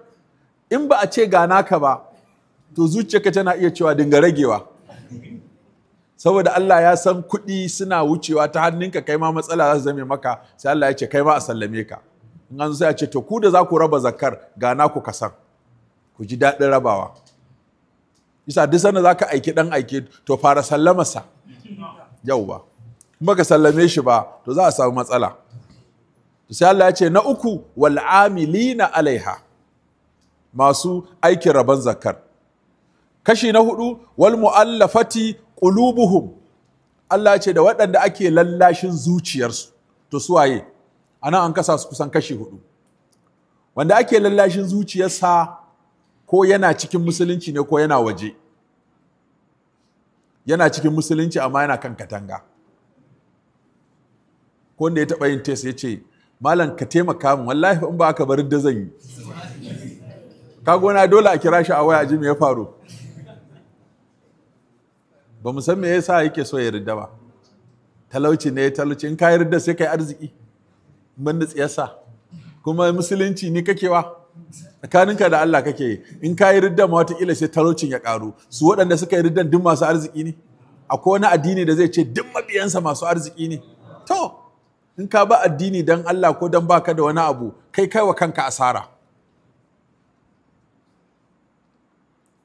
in ba a ce ga naka ba to zuciyarka tana iya cewa dinga ragewa saboda Allah ya san kuɗi suna wucewa ta hannunka kai ma matsala za su zame maka sai Allah ya ce kai ma a sallame ka in an sai ya ce to ku da za ku raba zakar ga na ku kasan ku ji daɗin rabawa isa duk sanda za ka aiki ɗan aiki to fara yau ba. in baka sallame shi ba to za a samu matsala sai Allah ya ce na uku wal amilina alaiha masu aikin raban zakar kashi na hudu wal mu'allafati qulubuhum Allah ce da waɗanda ake lallashin zuciyarsu to suwaye anan an kasa su kusan kashi hudu wanda ake lallashin zuciyarsa ko yana cikin musulunci ne ko yana waje yana cikin musulunci amma yana kan katanga ko wanda ya taɓa yin tes ya ce malam ka taimaka min wallahi in ba aka barin da zan yi Ka gona dole a kira shi a waya ji me ya faru ba mu san me yasa yake so ya yarda ba talauci ne talauci in ka yarda sai kai arziki ban da tsiyasa kuma musulunci ni kakewa tsakaninka da Allah kake yi in ka yi ma wata kila sai talaucin ya karu su waɗanda suka yi rida duk masu arziki ne akwai wani addini da zai ce duk mabiyansa masu arziki ne to in ka ba addini dan Allah ko dan baka da wani abu kai kai wa kanka asara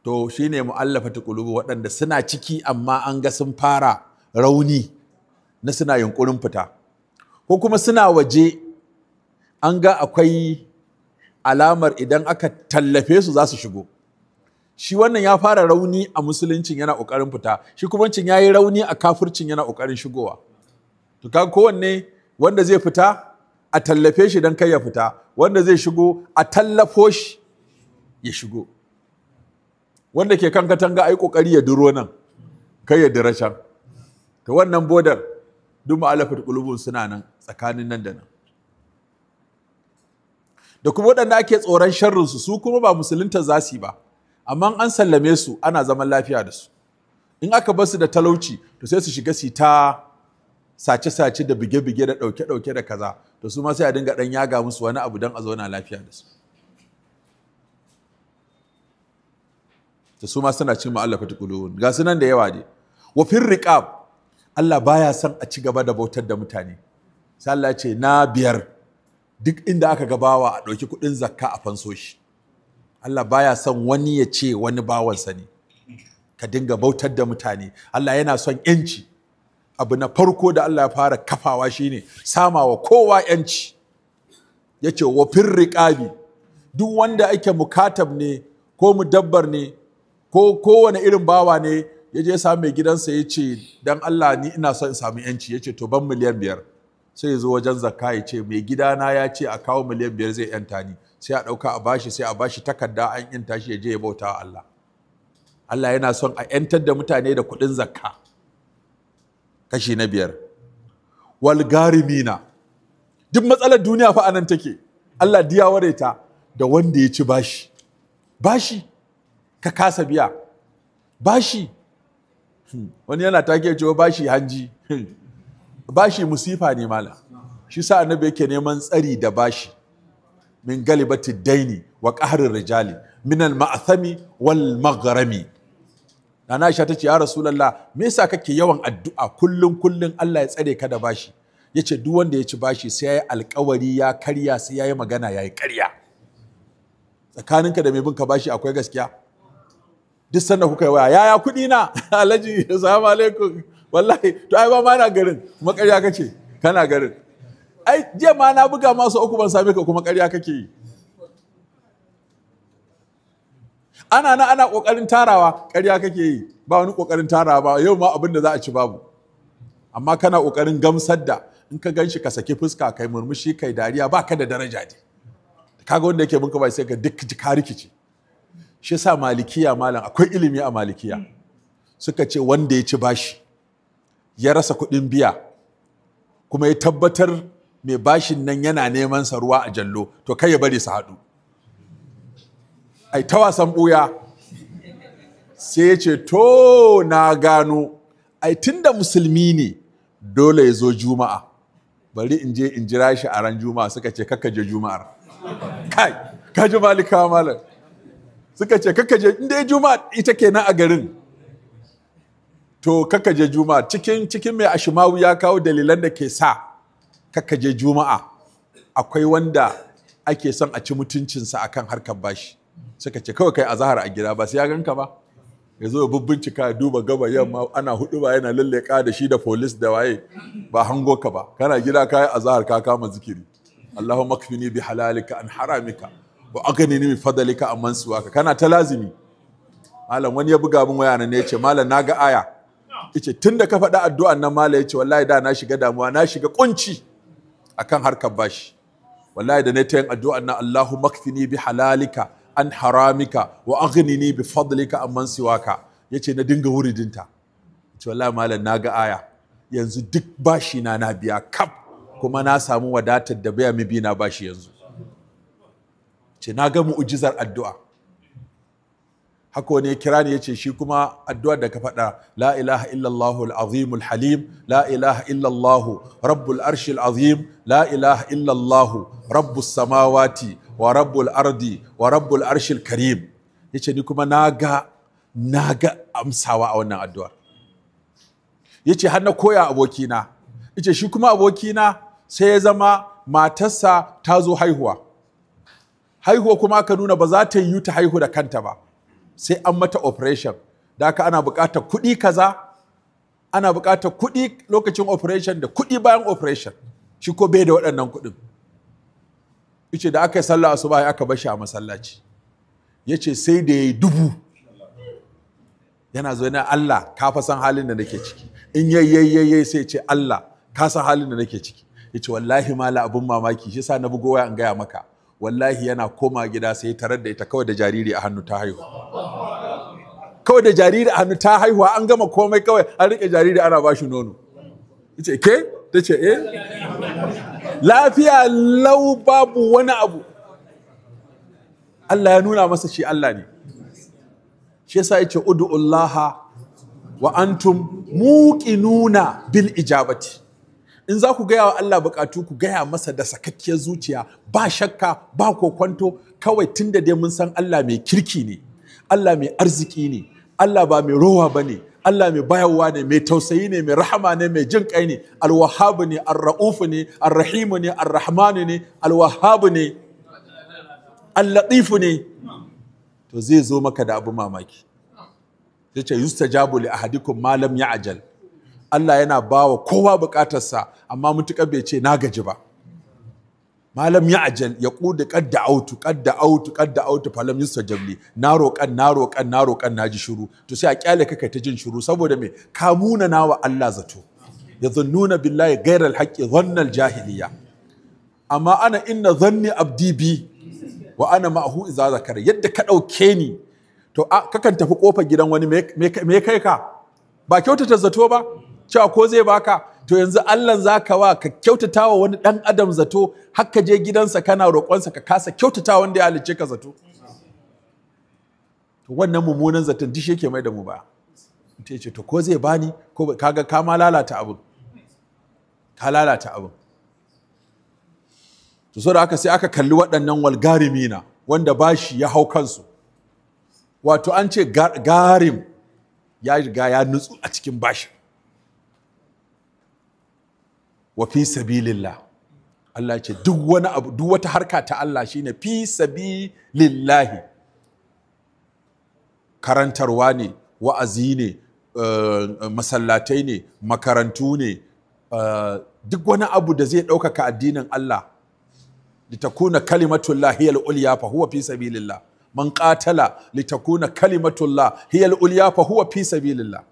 to shine muallafa qulubu waɗanda suna ciki amma an ga sun fara rauni na suna yunkurin fita ko kuma suna waje an ga akwai alamar idan aka tallafe su za su shigo shi wannan ya fara rauni a musuluncin yana ƙoƙarin fita shi kuma ya yi rauni a kafircin yana ƙoƙarin shigowa to ka kowanne wanda zai fita a tallafe shi don kai ya fita wanda zai shigo a tallafo shi ya shigo wanda ke kan katanga ai kokari ya duro nan kai ya dira can to wannan bodar duk ma'alafat qulubun suna nan tsakanin nan da nan da kuma waɗanda ake tsoron sharrin su su kuma ba musulunta za ba amma an sallame su ana zaman lafiya da su in aka bar su da talauci to sai su shiga su ta sace-sace da bige-bige da ɗauke-ɗauke da kaza to su ma sai a dinga ɗan yaga musu wani abu don a zauna lafiya da su Da su ma suna cin ma'allafa tukulun ga su nan da yawa ne wa fir Allah baya son a ci gaba da bautar da mutane sai Allah ce na biyar duk inda aka gabawa a ɗauki kuɗin zakka a fanso shi Allah baya son wani ya ce wani bawansa ne ka dinga bautar da mutane Allah yana son yanci abu na farko da Allah ya fara kafawa shine samawa kowa yanci yace wa fir duk wanda ake mukatab ne ko mu dabbar ne ko kowane irin bawa ne ya je sami mai gidansa ya ce dan Allah ni ina son in samu yanci ya ce to ban miliyan biyar sai ya zo wajen zakka ya ce mai gidana ya ce a kawo miliyan biyar zai yanta ni sai a ɗauka a bashi sai a bashi takarda an yanta shi ya je ya bauta wa Allah Allah yana son a yantar da mutane da kuɗin zakka kashi na biyar wal garimina duk matsalar duniya fa anan take Allah diya ware ta da wanda ya ci bashi bashi ka kasa biya bashi hmm. wani yana take cewa bashi hanji hmm. bashi musifa ne mala shi sa annabi yake neman tsari da bashi min galibati daini wa qahrir rijali min al ma'thami wal maghrami Nana Aisha tace ya Rasulullah me yasa kake yawan addu'a kullun kullum Allah ya tsare ka da bashi yace duk wanda ya ci bashi sai yayi alkawari ya karya sai yayi magana yayi karya tsakaninka da mai bin ka bashi akwai gaskiya duk sanda kuka yi waya yaya kuɗi na alhaji assalamu alaikum wallahi to ai ba ma na garin kuma ƙarya kace kana garin ai jiya ma na buga masu uku ban same ka kuma ƙarya kake yi ana na ana ƙoƙarin tarawa ƙarya kake yi ba wani ƙoƙarin tarawa ba yau ma abin da za a ci babu amma kana ƙoƙarin gamsar da in ka ganshi ka saki fuska kai murmushi kai dariya ba ka da daraja ne kaga wanda yake binka ba sai ka duk ka rikici shi sa malikiya malam akwai ilimi a malikiya hmm. suka ce wanda ya ci bashi ya rasa kuɗin biya kuma ya tabbatar mai bashin nan yana neman sa ruwa a jallo to kai ya bari su haɗu ai ta wasan ɓuya sai ya ce to na gano ai tunda musulmi ne dole ya zo juma'a bari in je in jira shi a ran juma'a suka ce kakka je juma'ar kai ka ji malika malam suka ce kakaje in dai juma'a ita kenan a garin to kakaje juma'a cikin cikin mai ashimawu ya kawo dalilan da ke sa kakaje juma'a akwai wanda ake son a ci mutuncinsa a kan harkar bashi suka ce kawai kai azahar a gida ba sai ya ganka ba ya zo bubbincika ya duba gaba yamma ana hudu ba yana ka da shi da polis da waye ba hango ka ba kana gida kayi azahar ka kama zikiri Allahumma kfini bi halalika an haramika ba aka ne min fadalika mansu haka kana ta lazimi malam wani ya buga min waya ne yace malam na ga aya yace tunda ka faɗa addu'an nan malam yace wallahi da na shiga damuwa na shiga kunci akan harkar bashi wallahi da na ta yin addu'an nan Allahu makfini bi halalika an haramika wa aghnini bi fadlika amman siwaka yace na dinga wuridinta yace wallahi malam na ga aya yanzu duk bashi na na biya kaf kuma na samu wadatar da baya mi bi na bashi yanzu ce na ga mu'ujizar addu'a haka ya kira ni ya ce shi kuma addu'ar da ka faɗa la ilaha illallahu al'azimul halim la ilaha illallahu rabbul arshil azim la ilaha illallahu rabbus samawati wa rabbul ardi wa rabbul arshil karim ya ce ni kuma na ga na ga amsawa a wannan addu'ar ya ce har na koya abokina ya ce shi kuma abokina sai ya zama matarsa ta zo haihuwa haihuwa kuma aka nuna ba za ta yi ta haihu da kanta ba sai an mata operation da aka ana buƙatar kuɗi kaza ana buƙatar kuɗi lokacin operation da kuɗi bayan operation shi ko bai da waɗannan kuɗin yace da aka yi sallah asuba ya aka bashi a masallaci yace sai da yayi dubu yana zo na Allah ka fa san halin da nake ciki in yayyayyayyay sai ce Allah ka san halin da nake ciki yace wallahi mala abun mamaki shi sa na bugo waya in gaya maka wallahi yana koma gida sai tarar da ita kawai da jariri a hannu ta haihu kawai da jariri a hannu ta haihuwa an gama komai kawai an riƙe jariri ana ba shi nono ce ke ta ce eh lafiya lau babu wani abu Allah ya nuna masa shi Allah ne shi yasa yace Allah wa antum muqinuna bil ijabati in za ku gaya wa Allah bukatu ku gaya masa da sakakkiyar zuciya ba shakka ba kokwanto kawai tun da dai mun san Allah mai kirki ne Allah mai arziki ne Allah ba mai rowa ba ne Allah mai bayarwa ne mai tausayi ne mai rahama ne mai jin kai ne alwahabu ne arra'ufu ne arrahimu ne arrahmanu ne alwahabu ne allatifu ne to zai zo maka da abu mamaki yace yustajabu li ahadikum Malam lam ya'jal Allah yana bawa kowa buƙatarsa amma mutuƙar bai ce na gaji ba malam ya ajal ya ƙuda kadda autu kadda autu kadda autu falam yustajab li na roƙan na roƙan na roƙan na ji shiru to sai a ƙyale kaka ta jin shiru saboda mai ka muna wa Allah zato Ya zannuna billahi gairar haƙƙi zannan jahiliya. amma ana inna zanni abdi bi wa ana ma'ahu zakara yadda ka ɗauke ni to kakan tafi kofar gidan wani me kai ka ba kyautata zato ba cewa ko zai baka to yanzu Allah za ka wa ka kyautata wa wani ɗan adam zato har je gidansa kana roƙonsa ka kasa kyautata wanda ya halicce ka zato to wannan mummunan zaton dishi yake mai da mu ba ta ce to ko zai bani ko kaga ka ma lalata abin ka lalata abin to so da aka sai aka kalli waɗannan walgarimi na wanda bashi ya hau kansu wato an ce garim ya riga ya nutsu a cikin bashin wa fi sabilillah Allah ce duk wani abu duk wata harka ta Allah shine fi sabilillahi karantarwa ne wa'azi ne eh, masallatai ne makarantu ne eh, duk wani abu da zai ɗaukaka addinin Allah litakuna kalimatullah hiya al-ulya fa huwa fi sabilillah man qatala litakuna kalimatullah hiya al-ulya fa huwa fi sabilillah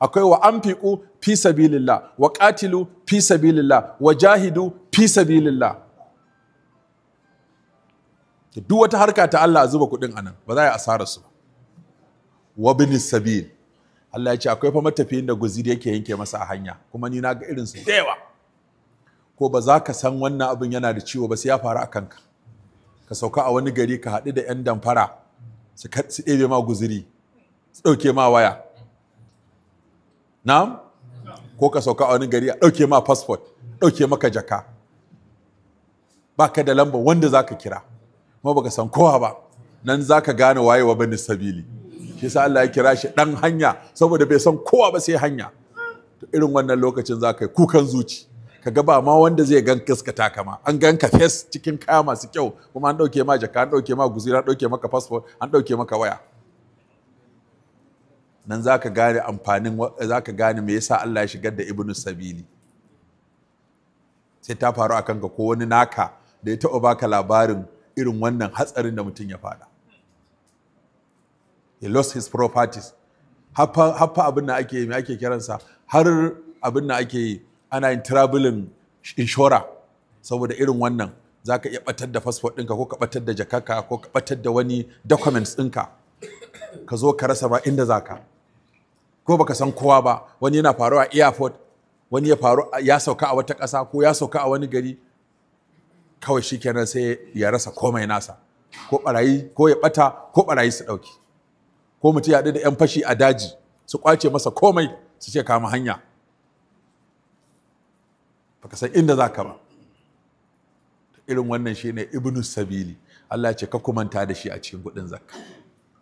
akwai wa anfiqu fi sabilillah wa qatilu fi sabilillah wa jahidu fi sabilillah duk wata harka ta Allah zuba kudin anan ba za a asara su wa bin sabil Allah ya ce akwai fa matafiyin da guzi da yake yanke masa a hanya kuma ni na ga irin su da ko ba za ka san wannan abin yana da ciwo ba sai ya faru a kanka ka sauka a wani gari ka haɗu da 'yan damfara su ɗebe ma guziri su ɗauke ma waya Na? ko ka sauka a wani gari a ɗauke ma passport ɗauke maka jaka ba ka da lamba wanda za ka kira kuma ka san kowa ba nan za ka gane waye wa bani sabili shi sa Allah ya kira shi dan hanya saboda bai san kowa ba sai hanya irin wannan lokacin ka yi kukan zuci ka ba ma wanda zai gan kaskata kama an gan ka fes cikin kaya masu kyau kuma an ɗauke ma jaka an ɗauke ma guzira an ɗauke maka passport an ɗauke maka waya nan za ka gane amfanin za ka gane me yasa Allah ya shigar da ibnu sabili sai ta faru akan ka ko wani naka da ya taɓa baka labarin irin wannan hatsarin da mutum ya fada he lost his properties haffa abin da ake me ake kiransa har abin da ake yi ana yin traveling inshora saboda irin wannan za ka iya ɓatar da fasfot ɗinka ko ka ɓatar da jakarka ko ka ɓatar da wani documents ɗinka ka zo ka rasa ba inda za ka ko baka san kowa ba wani yana faruwa a airport wani ya faru ya sauka a wata ƙasa ko ya sauka a wani gari kawai shi kenan sai ya rasa komai nasa ko barayi ko ya bata ko barayi su ɗauki ko mutum ya haɗu da 'yan fashi a daji su kwace masa komai su ce kama hanya baka san inda za ka ba irin wannan shi ne ibnu sabili Allah ya ce ka kumanta da shi a cikin kuɗin zakka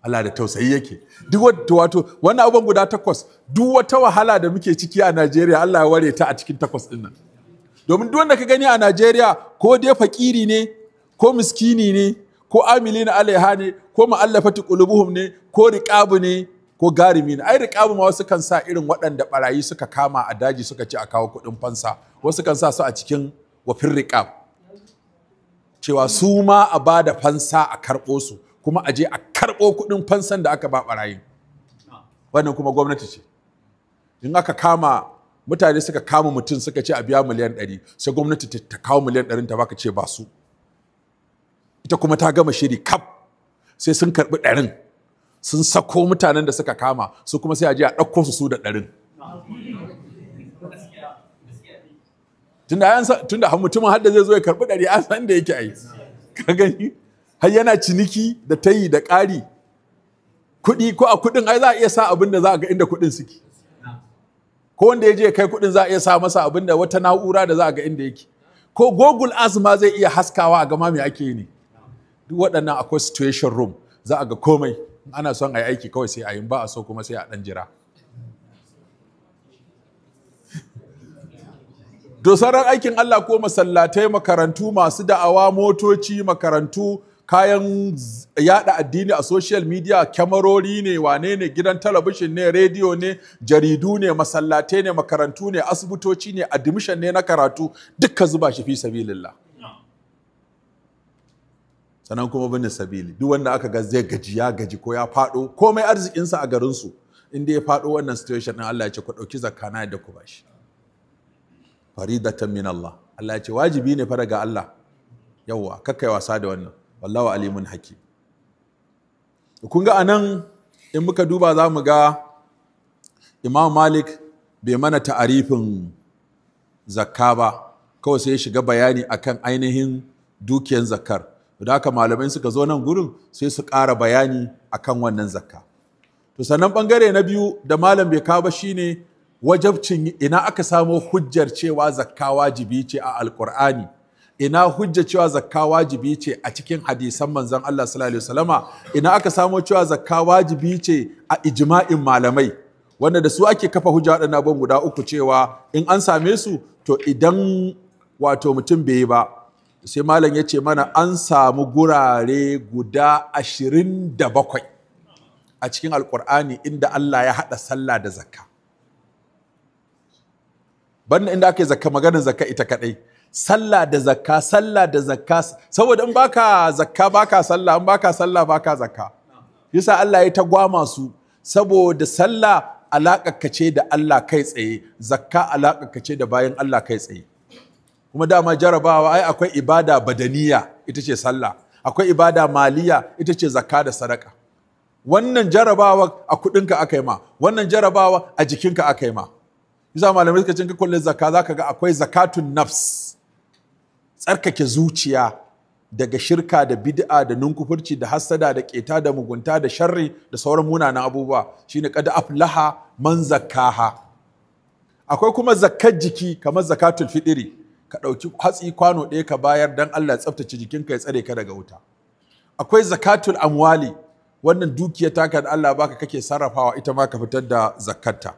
Allah da tausayi yake duk wato wato wannan abun guda takwas duk wata wahala da muke ciki a Najeriya Allah ya ware ta a cikin takwas din nan domin duk wanda ka gani a Najeriya ko dai fakiri ne ko miskini ne ko amilina alaiha ne ko mu'allafati qulubuhum ne ko riqabu ne ko garimi ne ai riqabu ma wasu kan sa irin waɗanda barayi suka kama a daji suka ci a kawo kuɗin fansa wasu kan sa su a cikin wafin riqab cewa su ma a bada fansa a karɓo su kuma a je a karɓo kuɗin fansan da aka ba ɓarayin wannan kuma gwamnati ce in aka kama mutane suka kama mutum suka ce a biya miliyan ɗari sai gwamnati ta kawo miliyan ɗarin ta baka ce ba su ita kuma ta gama shiri kaf sai sun karɓi ɗarin sun sako mutanen da suka kama su kuma sai a je a ɗauko su su da ɗarin tunda har mutumin har da zai zo ya karɓi ɗari an san da yake a yi ka gani har yana ciniki da tayi da ƙari kuɗi ko a kuɗin ai za a iya sa abin da za a ga inda kuɗin suke ko wanda ya je kai kuɗin za a iya sa masa abin da wata na'ura da za a ga inda yake ko google ma zai iya haskawa a gama me ake yi ne duk waɗannan akwai situation room za a ga komai ana son a yi aiki kawai sai a yi ba a so kuma sai a ɗan jira dosarar aikin Allah ko masallatai makarantu masu da'awa motoci makarantu kayan yada addini a social media kyamarori ne wane ne gidan talabishin ne rediyo ne jaridu ne masallatai ne makarantu ne asibitoci ne admission ne na karatu dukka zuba shi fi sabilillah sannan kuma bin sabili duk wanda aka ga zai gaji ya gaji ko ya fado komai arzikinsa a garinsu inda ya fado wannan situation din Allah ya ce ku dauki zakana na da ku bashi faridatan min Allah Allah ya ce wajibi ne fa daga Allah yawwa kakkai wasa da wannan wallahu alimun haki kun ga anan in muka duba za mu ga imam malik bai mana ta'arifin zakka ba kawai sai ya shiga bayani akan ainihin dukiyar zakkar da haka malamai suka zo nan gurin sai su ƙara bayani akan wannan zakka to sannan ɓangare na biyu da malam bai kawo ba shine wajabcin ina aka samo hujjar cewa zakka wajibi ce a alkur'ani ina hujja cewa zakka wajibi ce a cikin hadisan manzon Allah sallallahu ina aka samo cewa zakka wajibi ce a ijma'in malamai wanda da su ake kafa hujja waɗannan abubuwan guda uku cewa in an same su to idan wato mutum bai yi ba sai malam ya ce mana an samu gurare guda ashirin da bakwai a cikin alkur'ani inda Allah ya haɗa sallah da zakka banda inda aka yi zakka maganar zakka ita kaɗai sallah da zakka sallah da zakka saboda in baka zakka baka sallah in baka sallah baka zakka yasa Allah ya ta gwama su saboda sallah alaƙarka ce da Allah kai tsaye zakka alaƙarka ce da bayan Allah kai tsaye kuma dama jarabawa ai akwai ibada badaniya ita ce sallah akwai ibada maliya ita ce zakka da sadaka wannan jarabawa a kudinka aka yi ma wannan jarabawa a jikinka aka yi ma yasa malamai suka ce ka kullun zakka zaka ga akwai zakatun nafs tsarkake zuciya daga shirka da bid'a da nunkufurci da hassada da keta da mugunta da sharri da sauran munanan abubuwa shine kada aflaha man zakkaha akwai kuma zakkar jiki kamar zakatul fiɗiri, ka ɗauki hatsi kwano ɗaya ka bayar dan Allah ya tsaftace jikinka ya tsare ka daga wuta akwai zakatul amwali wannan dukiyar taka da Allah baka kake sarrafawa ita ma ka fitar da zakkarta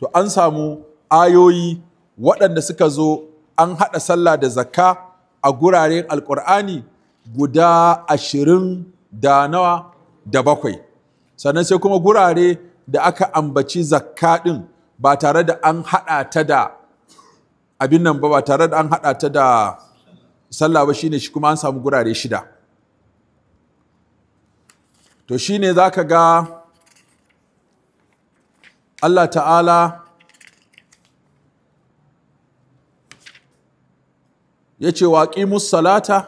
to an samu ayoyi waɗanda suka zo an haɗa sallah da zakka a gurare alkur'ani guda ashirin da nawa da bakwai sannan sai kuma gurare da aka ambaci zakka ɗin ba tare da an haɗa ta da abin nan ba ba tare da an haɗa ta da sallah ba shine shi kuma an samu gurare shida to shine za ka ga Allah ta'ala ya ce wa ƙimus salata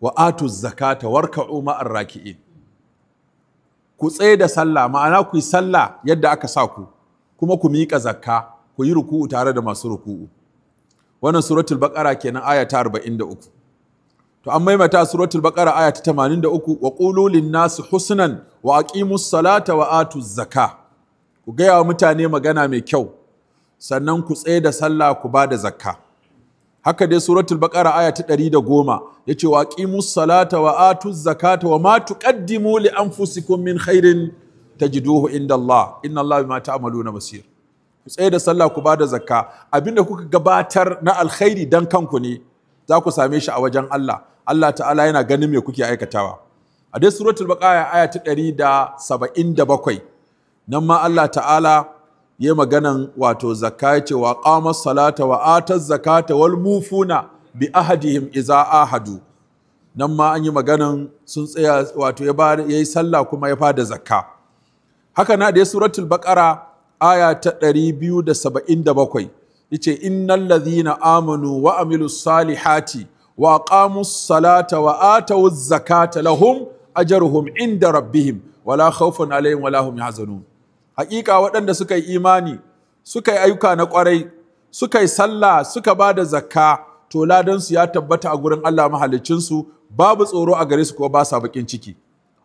wa atus zakata Umar ma'ar raki'in ku tsaye da sallah ma'ana ku yi sallah yadda aka sa ku kuma ku miƙa zakka ku yi ruku'u tare da masu ruku'u wannan suratul baqara kenan aya ta 43 to an maimata suratul baqara aya ta 83 wa qulu lin nas husnan wa aqimus salata wa atuz zakka ku gaya wa mutane magana mai kyau sannan ku tsaye da sallah ku ba da zakka haka dai suratul baqara aya ta 110 yace wa aqimus salata wa atuz zakata wa ma tuqaddimu li anfusikum min khairin tajiduhu inda Allah inna Allah bima ta'maluna basir ku tsaye da sallah ku bada zakka abinda kuka gabatar na alkhairi dan kanku ne za ku same shi a wajen Allah Allah ta'ala yana ganin me kuke aikatawa a dai suratul baqara aya ta 177 nan ma Allah ta'ala ya maganan wato zakka ya ce wa ƙamar salata wa atar zakata wal mufuna bi ahadihim iza ahadu nan ma an yi maganan sun tsaya wato ya yi sallah kuma ya fada zakka haka na da ya suratul baqara aya ta ɗari 277 yace innal ladhina amanu wa amilus salihati wa aqamus salata wa atawuz zakata lahum ajruhum inda rabbihim wala khawfun alaihim wala hum yahzanun Hakika waɗanda suka yi imani, suka yi ayyuka na ƙwarai, suka yi sallah, suka ba da zakka, to ladansu ya tabbata a gurin Allah mahalicinsu babu tsoro a gare su ko ba sa baƙin ciki.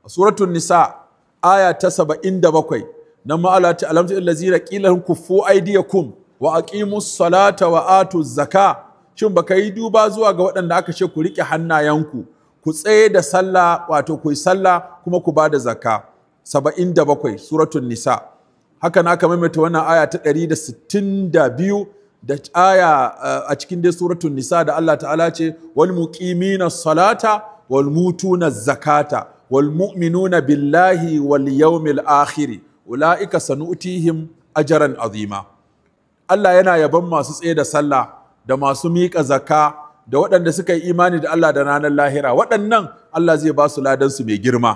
A suratun Nisa, aya ta saba'in da bakwai, nan ma'ala ta alamtu illazina qila kuffu aydiyakum wa aqimus salata wa atu zaka shin baka yi duba zuwa ga waɗanda aka ce ku riƙe hannayenku ku tsaye da sallah wato ku yi sallah kuma ku ba da zakka saba'in da suratun nisa haka na aka maimaita wannan aya ta 162 da aya eh, a cikin dai suratun nisa da Allah ta'ala ce wal muqimina salata wal mutuna zakata wal mu'minuna billahi wal yawmil akhir ulaika sanu'tihim ajran azima Allah yana yaban masu tsaye da sallah da masu miƙa zakka da waɗanda suka yi imani da Allah da ranar lahira waɗannan Allah zai ba su ladan su mai girma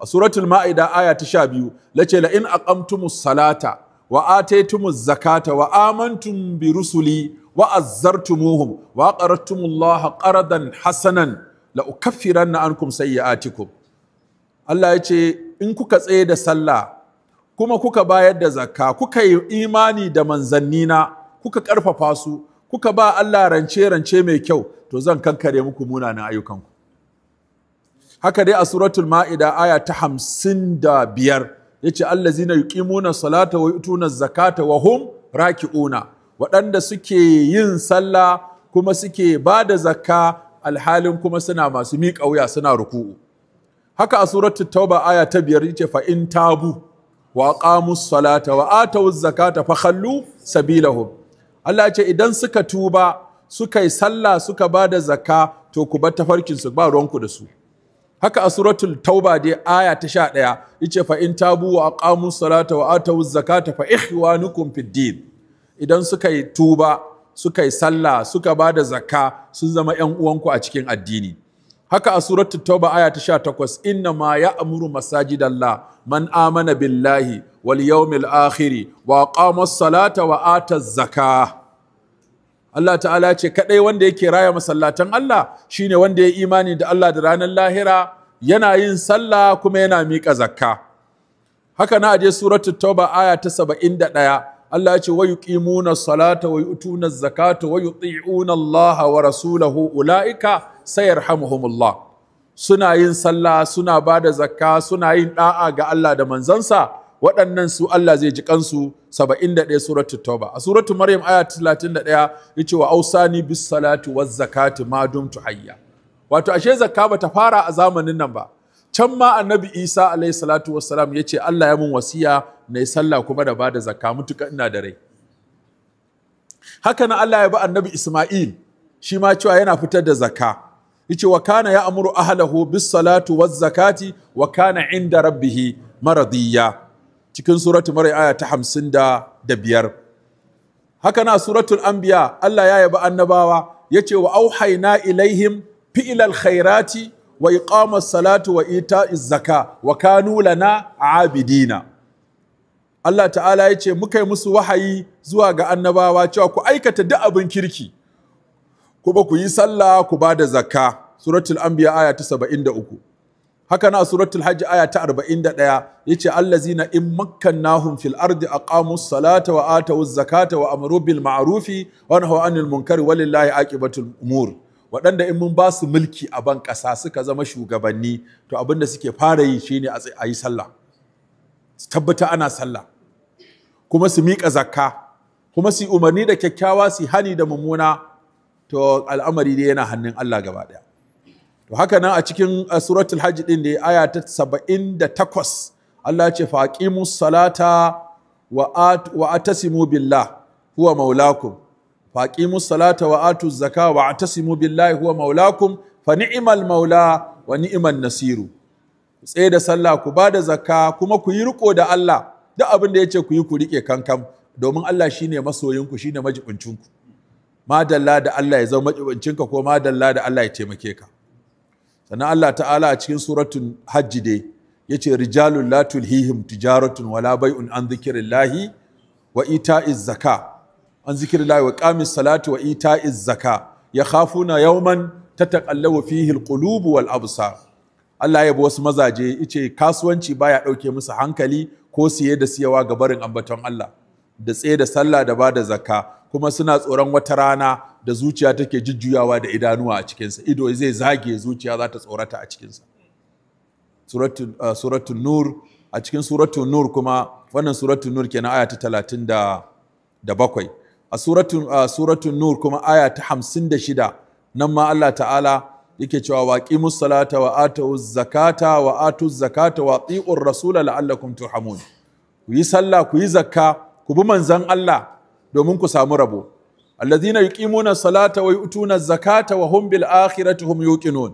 a suratul ma'ida aya ta sha biyu lace la in aqamtumu salata wa ataytumu zakata wa amantum bi rusuli wa azartumuhum wa qaradtumullaha qaradan hasanan la ukaffiranna ankum sayyi'atikum Allah yace in kuka tsaye da sallah kuma kuka bayar da zakka kuka yi imani da manzannina kuka karfafa su kuka ba Allah rance rance mai kyau to zan kankare muku munanan ayyukanku haka dai a suratul ma'ida aya ta hamsin da biyar ya ce allazina yuqimuna salata wa yu'tuna zakata wa hum raki'una waɗanda suke yin sallah kuma suke ba da zakka alhalin kuma suna masu miƙa wuya suna ruku'u haka a suratul tauba aya ta biyar yace fa in tabu wa aqamus salata wa zakata fa khallu sabilahum Allah ce idan suka tuba suka yi sallah suka ba da zakka to ku bar tafarkinsu ba ruwanku da su haka a suratul tauba dai aya ta sha ɗaya yace fa in tabu wa aqamu salata wa zakata fa ikhwanukum fid din idan suka yi tuba suka yi sallah suka ba da zakka sun zama yan uwanku a cikin addini haka a suratul tauba aya ta sha takwas inna ma ya'muru masajidallah man amana billahi wal yawmil akhiri wa aqama salata wa ata zaka Allah ta'ala ce kadai wanda yake raya masallatan Allah shine wanda ya imani da Allah da ranar lahira yana yin sallah kuma yana miƙa zakka haka na aje suratu tauba aya ta 71 Allah ya ce wa yuqimuna salata wa yu'tuna zakata wa yuti'una Allah wa rasulahu ulaika sayarhamuhumullah suna yin sallah suna bada zakka suna yin da'a ga Allah da manzansa waɗannan su Allah zai ji kansu 71 suratul tauba a suratul maryam aya 31 yace wa ni bis salati waz zakati ma dumtu hayya wato ashe zakka bata fara a zamanin nan ba can ma annabi Isa alayhi salatu wassalam yace Allah ya mun wasiya na sallah kuma da bada zakka mutuka ina da rai haka nan Allah ya ba annabi Isma'il shi ma cewa yana fitar da zakka yace wa kana ya amuru ahlahu bis salati waz zakati wa kana inda rabbihi maradiyya cikin suratu marai aya ta hamsin da biyar haka na suratul anbiya Allah ya yaba annabawa ya ce wa auhaina ilaihim fi'ilal khairati wa iqamas salatu wa ita zaka wa kanu lana abidina Allah ta'ala ya ce muka yi musu wahayi zuwa ga annabawa cewa ku aikata duk abin kirki ku ba ku yi sallah ku ba da zakka suratul anbiya aya ta 73 haka na suratul hajj aya ta arba'in da 41 yace zina in makkannahum fil ardi aqamus salata wa zakata wa amaru bil ma'rufi wa nahaw anil munkari walillahi aqibatul umur waɗanda in mun basu su mulki a ban ƙasa suka zama shugabanni to abin da suke fara yi shine a yi sallah su tabbata ana sallah kuma su miƙa zakka kuma su umarni da kyakkyawa su hani da mumuna, to al'amari dai yana hannun Allah gaba ɗaya to haka nan a cikin suratul hajj din da aya ta 78 Allah ce fa salata wa atasimu billah huwa maulakum fa salata wa atu zakka wa atasimu billah huwa maulakum fa ni'mal maula wa ni'man nasiru tsaye da sallah ku ba da zakka kuma ku yi riko da Allah duk abin da yace ku yi ku rike kankan domin Allah shine masoyinku shine majibincinku madalla da Allah ya zama majibincinka ko madalla da Allah ya taimake ka sannan Allah ta'ala a cikin suratun hajji dai ya ce rijalun la tulhihim tijaratun wala bai'un an zikirillahi wa ita'iz zaka an zikirillahi wa qamis salati wa ita'iz zaka yakhafuna fihi wal Allah ya bi wasu mazaje ice, kasuwanci baya dauke musu hankali ko siye da siyawa ga barin ambaton Allah da tsaye da sallah da bada zaka kuma suna tsoron wata rana da zuciya take jujjuyawa da idanuwa a cikinsa ido zai zage zuciya za ta tsorata a cikinsa suratun uh, nur a cikin suratun nur kuma wannan suratun nur kenan aya ta talatin da bakwai a suratun uh, nur kuma aya ta hamsin da shida nan ma Allah ta'ala yake cewa waƙi salata wa atu zakata wa atu zakata wa tsi'ur rasula la'allakum turhamun ku yi sallah ku yi zakka ku bi manzon Allah domin ku samu rabo allazina yuqimuna salata wa yu'tuna zakata wa hum bil akhirati hum yuqinun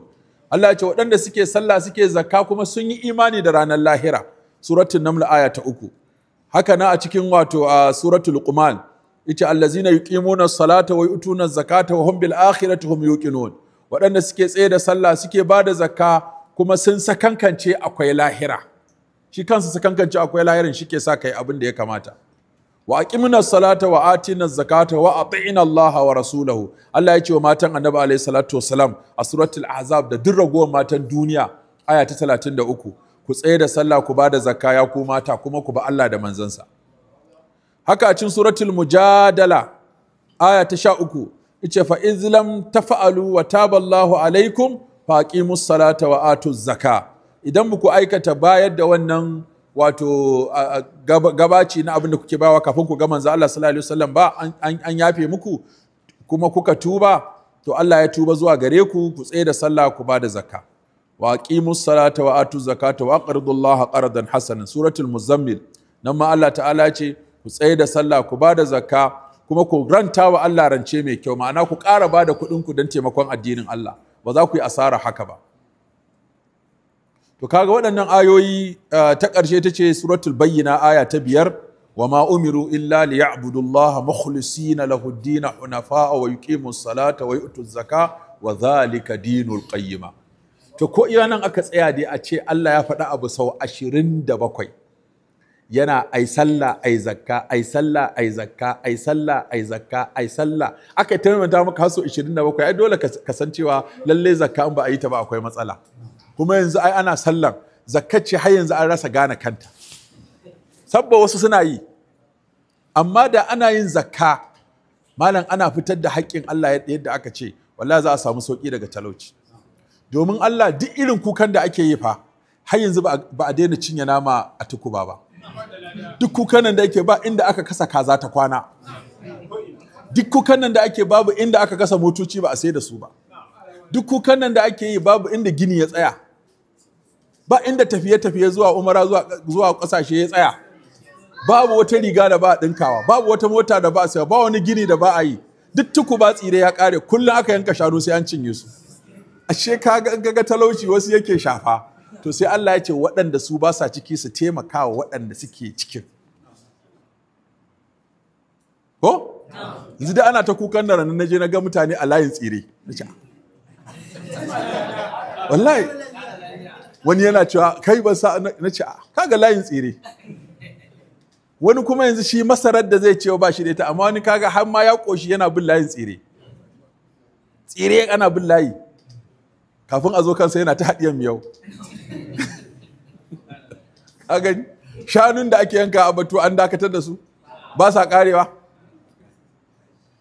Allah ce waɗanda suke sallah suke zakka kuma sun yi imani da ranar lahira suratul naml aya ta uku haka na a cikin wato a suratul quman ita allazina yuqimuna salata wa yu'tuna zakata wa hum bil akhirati hum yuqinun waɗanda suke tsaye da sallah suke ba da zakka kuma sun sakankance akwai lahira shi kansa akwai lahirin shi ke sa kai abin da ya kamata wa aqimna salata wa atina zakata wa atina Allah wa rasulahu Allah ya ce wa matan Annabi Alayhi salatu wasalam a suratul ahzab da duk ragowar matan duniya aya ta 33 ku tsaye da sallah ku bada zakka ya ku mata kuma ku ba Allah da manzansa haka a cikin suratul mujadala aya ta 13 ice fa ta lam tafa'alu wa taballahu alaikum fa aqimus salata wa atuz zakka idan muku aikata bayar da wannan wato gabaci na abin da kuke bawa kafin ku ga manzo Allah sallallahu alaihi wasallam ba an yafe muku kuma kuka tuba to Allah ya tuba zuwa gare ku ku tsaye da sallah ku ba da zakka wa aqimus salata wa atu zakata wa aqridu Allah qardan hasanan suratul muzammil nan ma Allah ta'ala ce ku tsaye da sallah ku bada da zakka kuma ku ranta wa Allah rance mai kyau ma'ana ku kara bada da kuɗin ku don taimakon addinin Allah ba za ku yi asara haka ba to kaga waɗannan ayoyi eh, ta ƙarshe ta ce suratul bayyina aya ta biyar wa ma umiru illa li ya'budullaha mukhlisina lahu ad-din hunafa'a wa yuqimus salata wa yu'tuz zaka wa dhalika dinul qayyima to ko iya nan aka tsaya dai a ce Allah ya faɗa abu sau 27 yana ai sallah ai zakka ai sallah ai zakka ai sallah ai zakka ai sallah aka taimaka maka haso 27 ai dole ka san cewa lalle zakka in ba a yi ta ba akwai matsala kuma yanzu ai ana sallan zakacce har yanzu an rasa gane kanta sabba wasu suna yi amma da ana yin zakka malam ana fitar da haƙƙin Allah yadda aka ce wallahi za a samu sauki daga talauci domin Allah duk irin kukan da ake yi fa har yanzu ba a daina cinye nama a tukuba ba duk kukan nan da ake ba inda aka kasa kaza ta kwana duk kukan nan da ake babu inda aka kasa motoci ba a sai da su ba duk kukan nan da ake yi babu inda gini ya tsaya ba inda tafiye-tafiye zuwa umara zuwa ƙasashe ya tsaya babu wata riga da ba a ɗinkawa babu wata mota da ba a saya ba wani gini da ba a yi duk tuku ba tsire ya ƙare kullum aka yanka shanu sai an cinye su ashe ka ga talauci wasu yake shafa to sai Allah ya ce waɗanda su ba sa ciki su taimakawa waɗanda suke cikin ko yanzu da ana ta kukan da ranar na je na ga mutane a layin tsire ah. wallahi wani yana cewa kai ban sa na ce ah, kaga layin tsire wani kuma yanzu shi masarar da zai cewa ba shi da ita amma wani kaga har ma ya koshi yana bin layin tsire tsire ana bin layi kafin a zo kansa yana ta hadiyan miyau a shanun da ake yanka a batu an dakatar da su ba sa karewa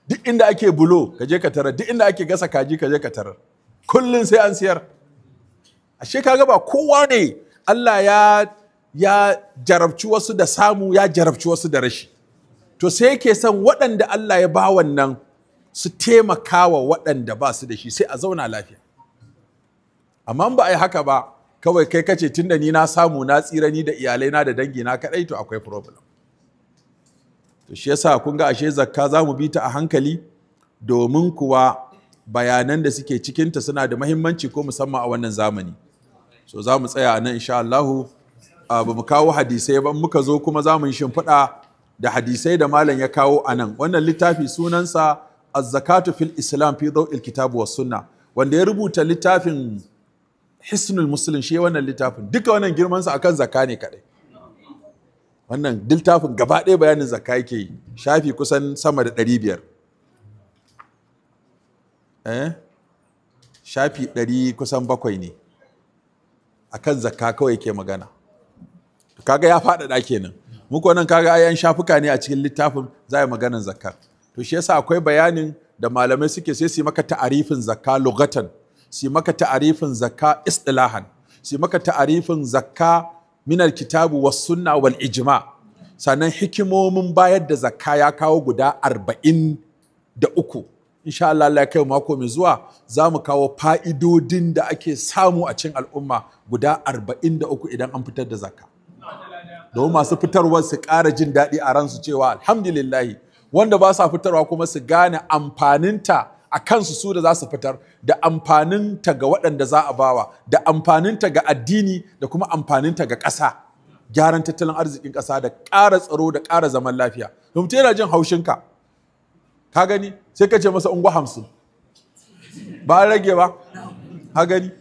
duk inda ake bulo ka je ka tarar duk inda ake gasa kaji ka je ka tarar kullum sai an siyar ashe kaga ba kowa ne Allah ya ya jarabci wasu da samu ya jarabci wasu da rashi to sai yake son waɗanda Allah ya ba wannan su taimaka wa waɗanda ba su da shi sai a zauna lafiya amma ba a yi haka ba kawai kai kace tunda ni na samu na tsira ni da iyalai na da dangi na kadai to akwai problem to shi yasa kun ga ashe zakka za mu bi ta a hankali domin kuwa bayanan da suke cikinta suna da muhimmanci ko musamman a wannan zamani so za mu tsaya nan insha Allahu ba mu kawo hadisai ba muka zo kuma za mu yi shimfiɗa da hadisai da malam ya kawo a nan wannan littafi sunansa az-zakatu fil islam fi dawil kitab was sunna wanda ya rubuta littafin hisnul muslim shi wannan littafin duka wannan girman sa akan zakka ne kadai wannan littafin gaba ɗaya bayanin zakka yake yi shafi kusan sama da 500 eh shafi 100 kusan bakwai ne akan zakka kawai yake magana kaga ya faɗaɗa kenan muku nan kaga ayan shafuka ne a cikin littafin za a yi maganar zakka to shi yasa akwai bayanin da malamai suke sai su maka ta'arifin zakka lugatan su maka ta'arifin zakka istilahan su maka ta'arifin zakka minar kitabu was sunna wal ijma sannan hikimomin bayar da zakka ya kawo guda arba'in da uku insha Allah Allah kai mako mai zuwa za mu kawo fa'idodin da ake samu a cikin al'umma guda 43 idan an fitar da zakka domin masu fitarwar su ƙara jin daɗi a ransu cewa alhamdulillahi wanda ba sa fitarwa kuma su gane amfaninta a kansu su da za su fitar da amfaninta ga waɗanda za a bawa da amfaninta ga addini da kuma amfaninta ga ƙasa gyaran tattalin arzikin ƙasa da ƙara tsaro da ƙara zaman lafiya. Mutum yana jin haushinka ka gani sai ka ce masa unguwa hamsin ba an rage ba ka gani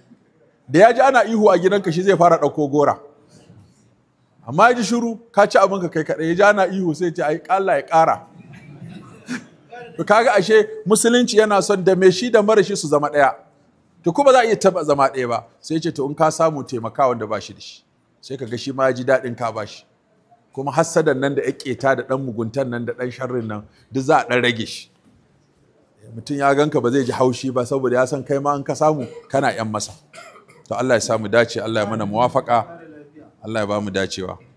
da ya ji ana ihu a ka shi zai fara ɗauko gora amma ya ji shiru ka ci abin ka kai kaɗai ya ji ana ihu sai ce ai ƙala ya ƙara to kaga ashe musulunci yana son da me shi da mara shi su zama ɗaya to ba za a iya taba zama ɗaya ba sai ce to in ka samu taimaka wanda ba shi da shi sai ka ga shi ma ya ji daɗin ka ba shi kuma hassadan nan da ya keta da ɗan muguntan nan da ɗan sharrin nan duk za a ɗan rage shi mutum ya ganka ba zai ji haushi ba saboda ya san kai ma an ka samu kana yan masa to Allah ya samu dace Allah ya mana muwafaka Allah ya ba mu dacewa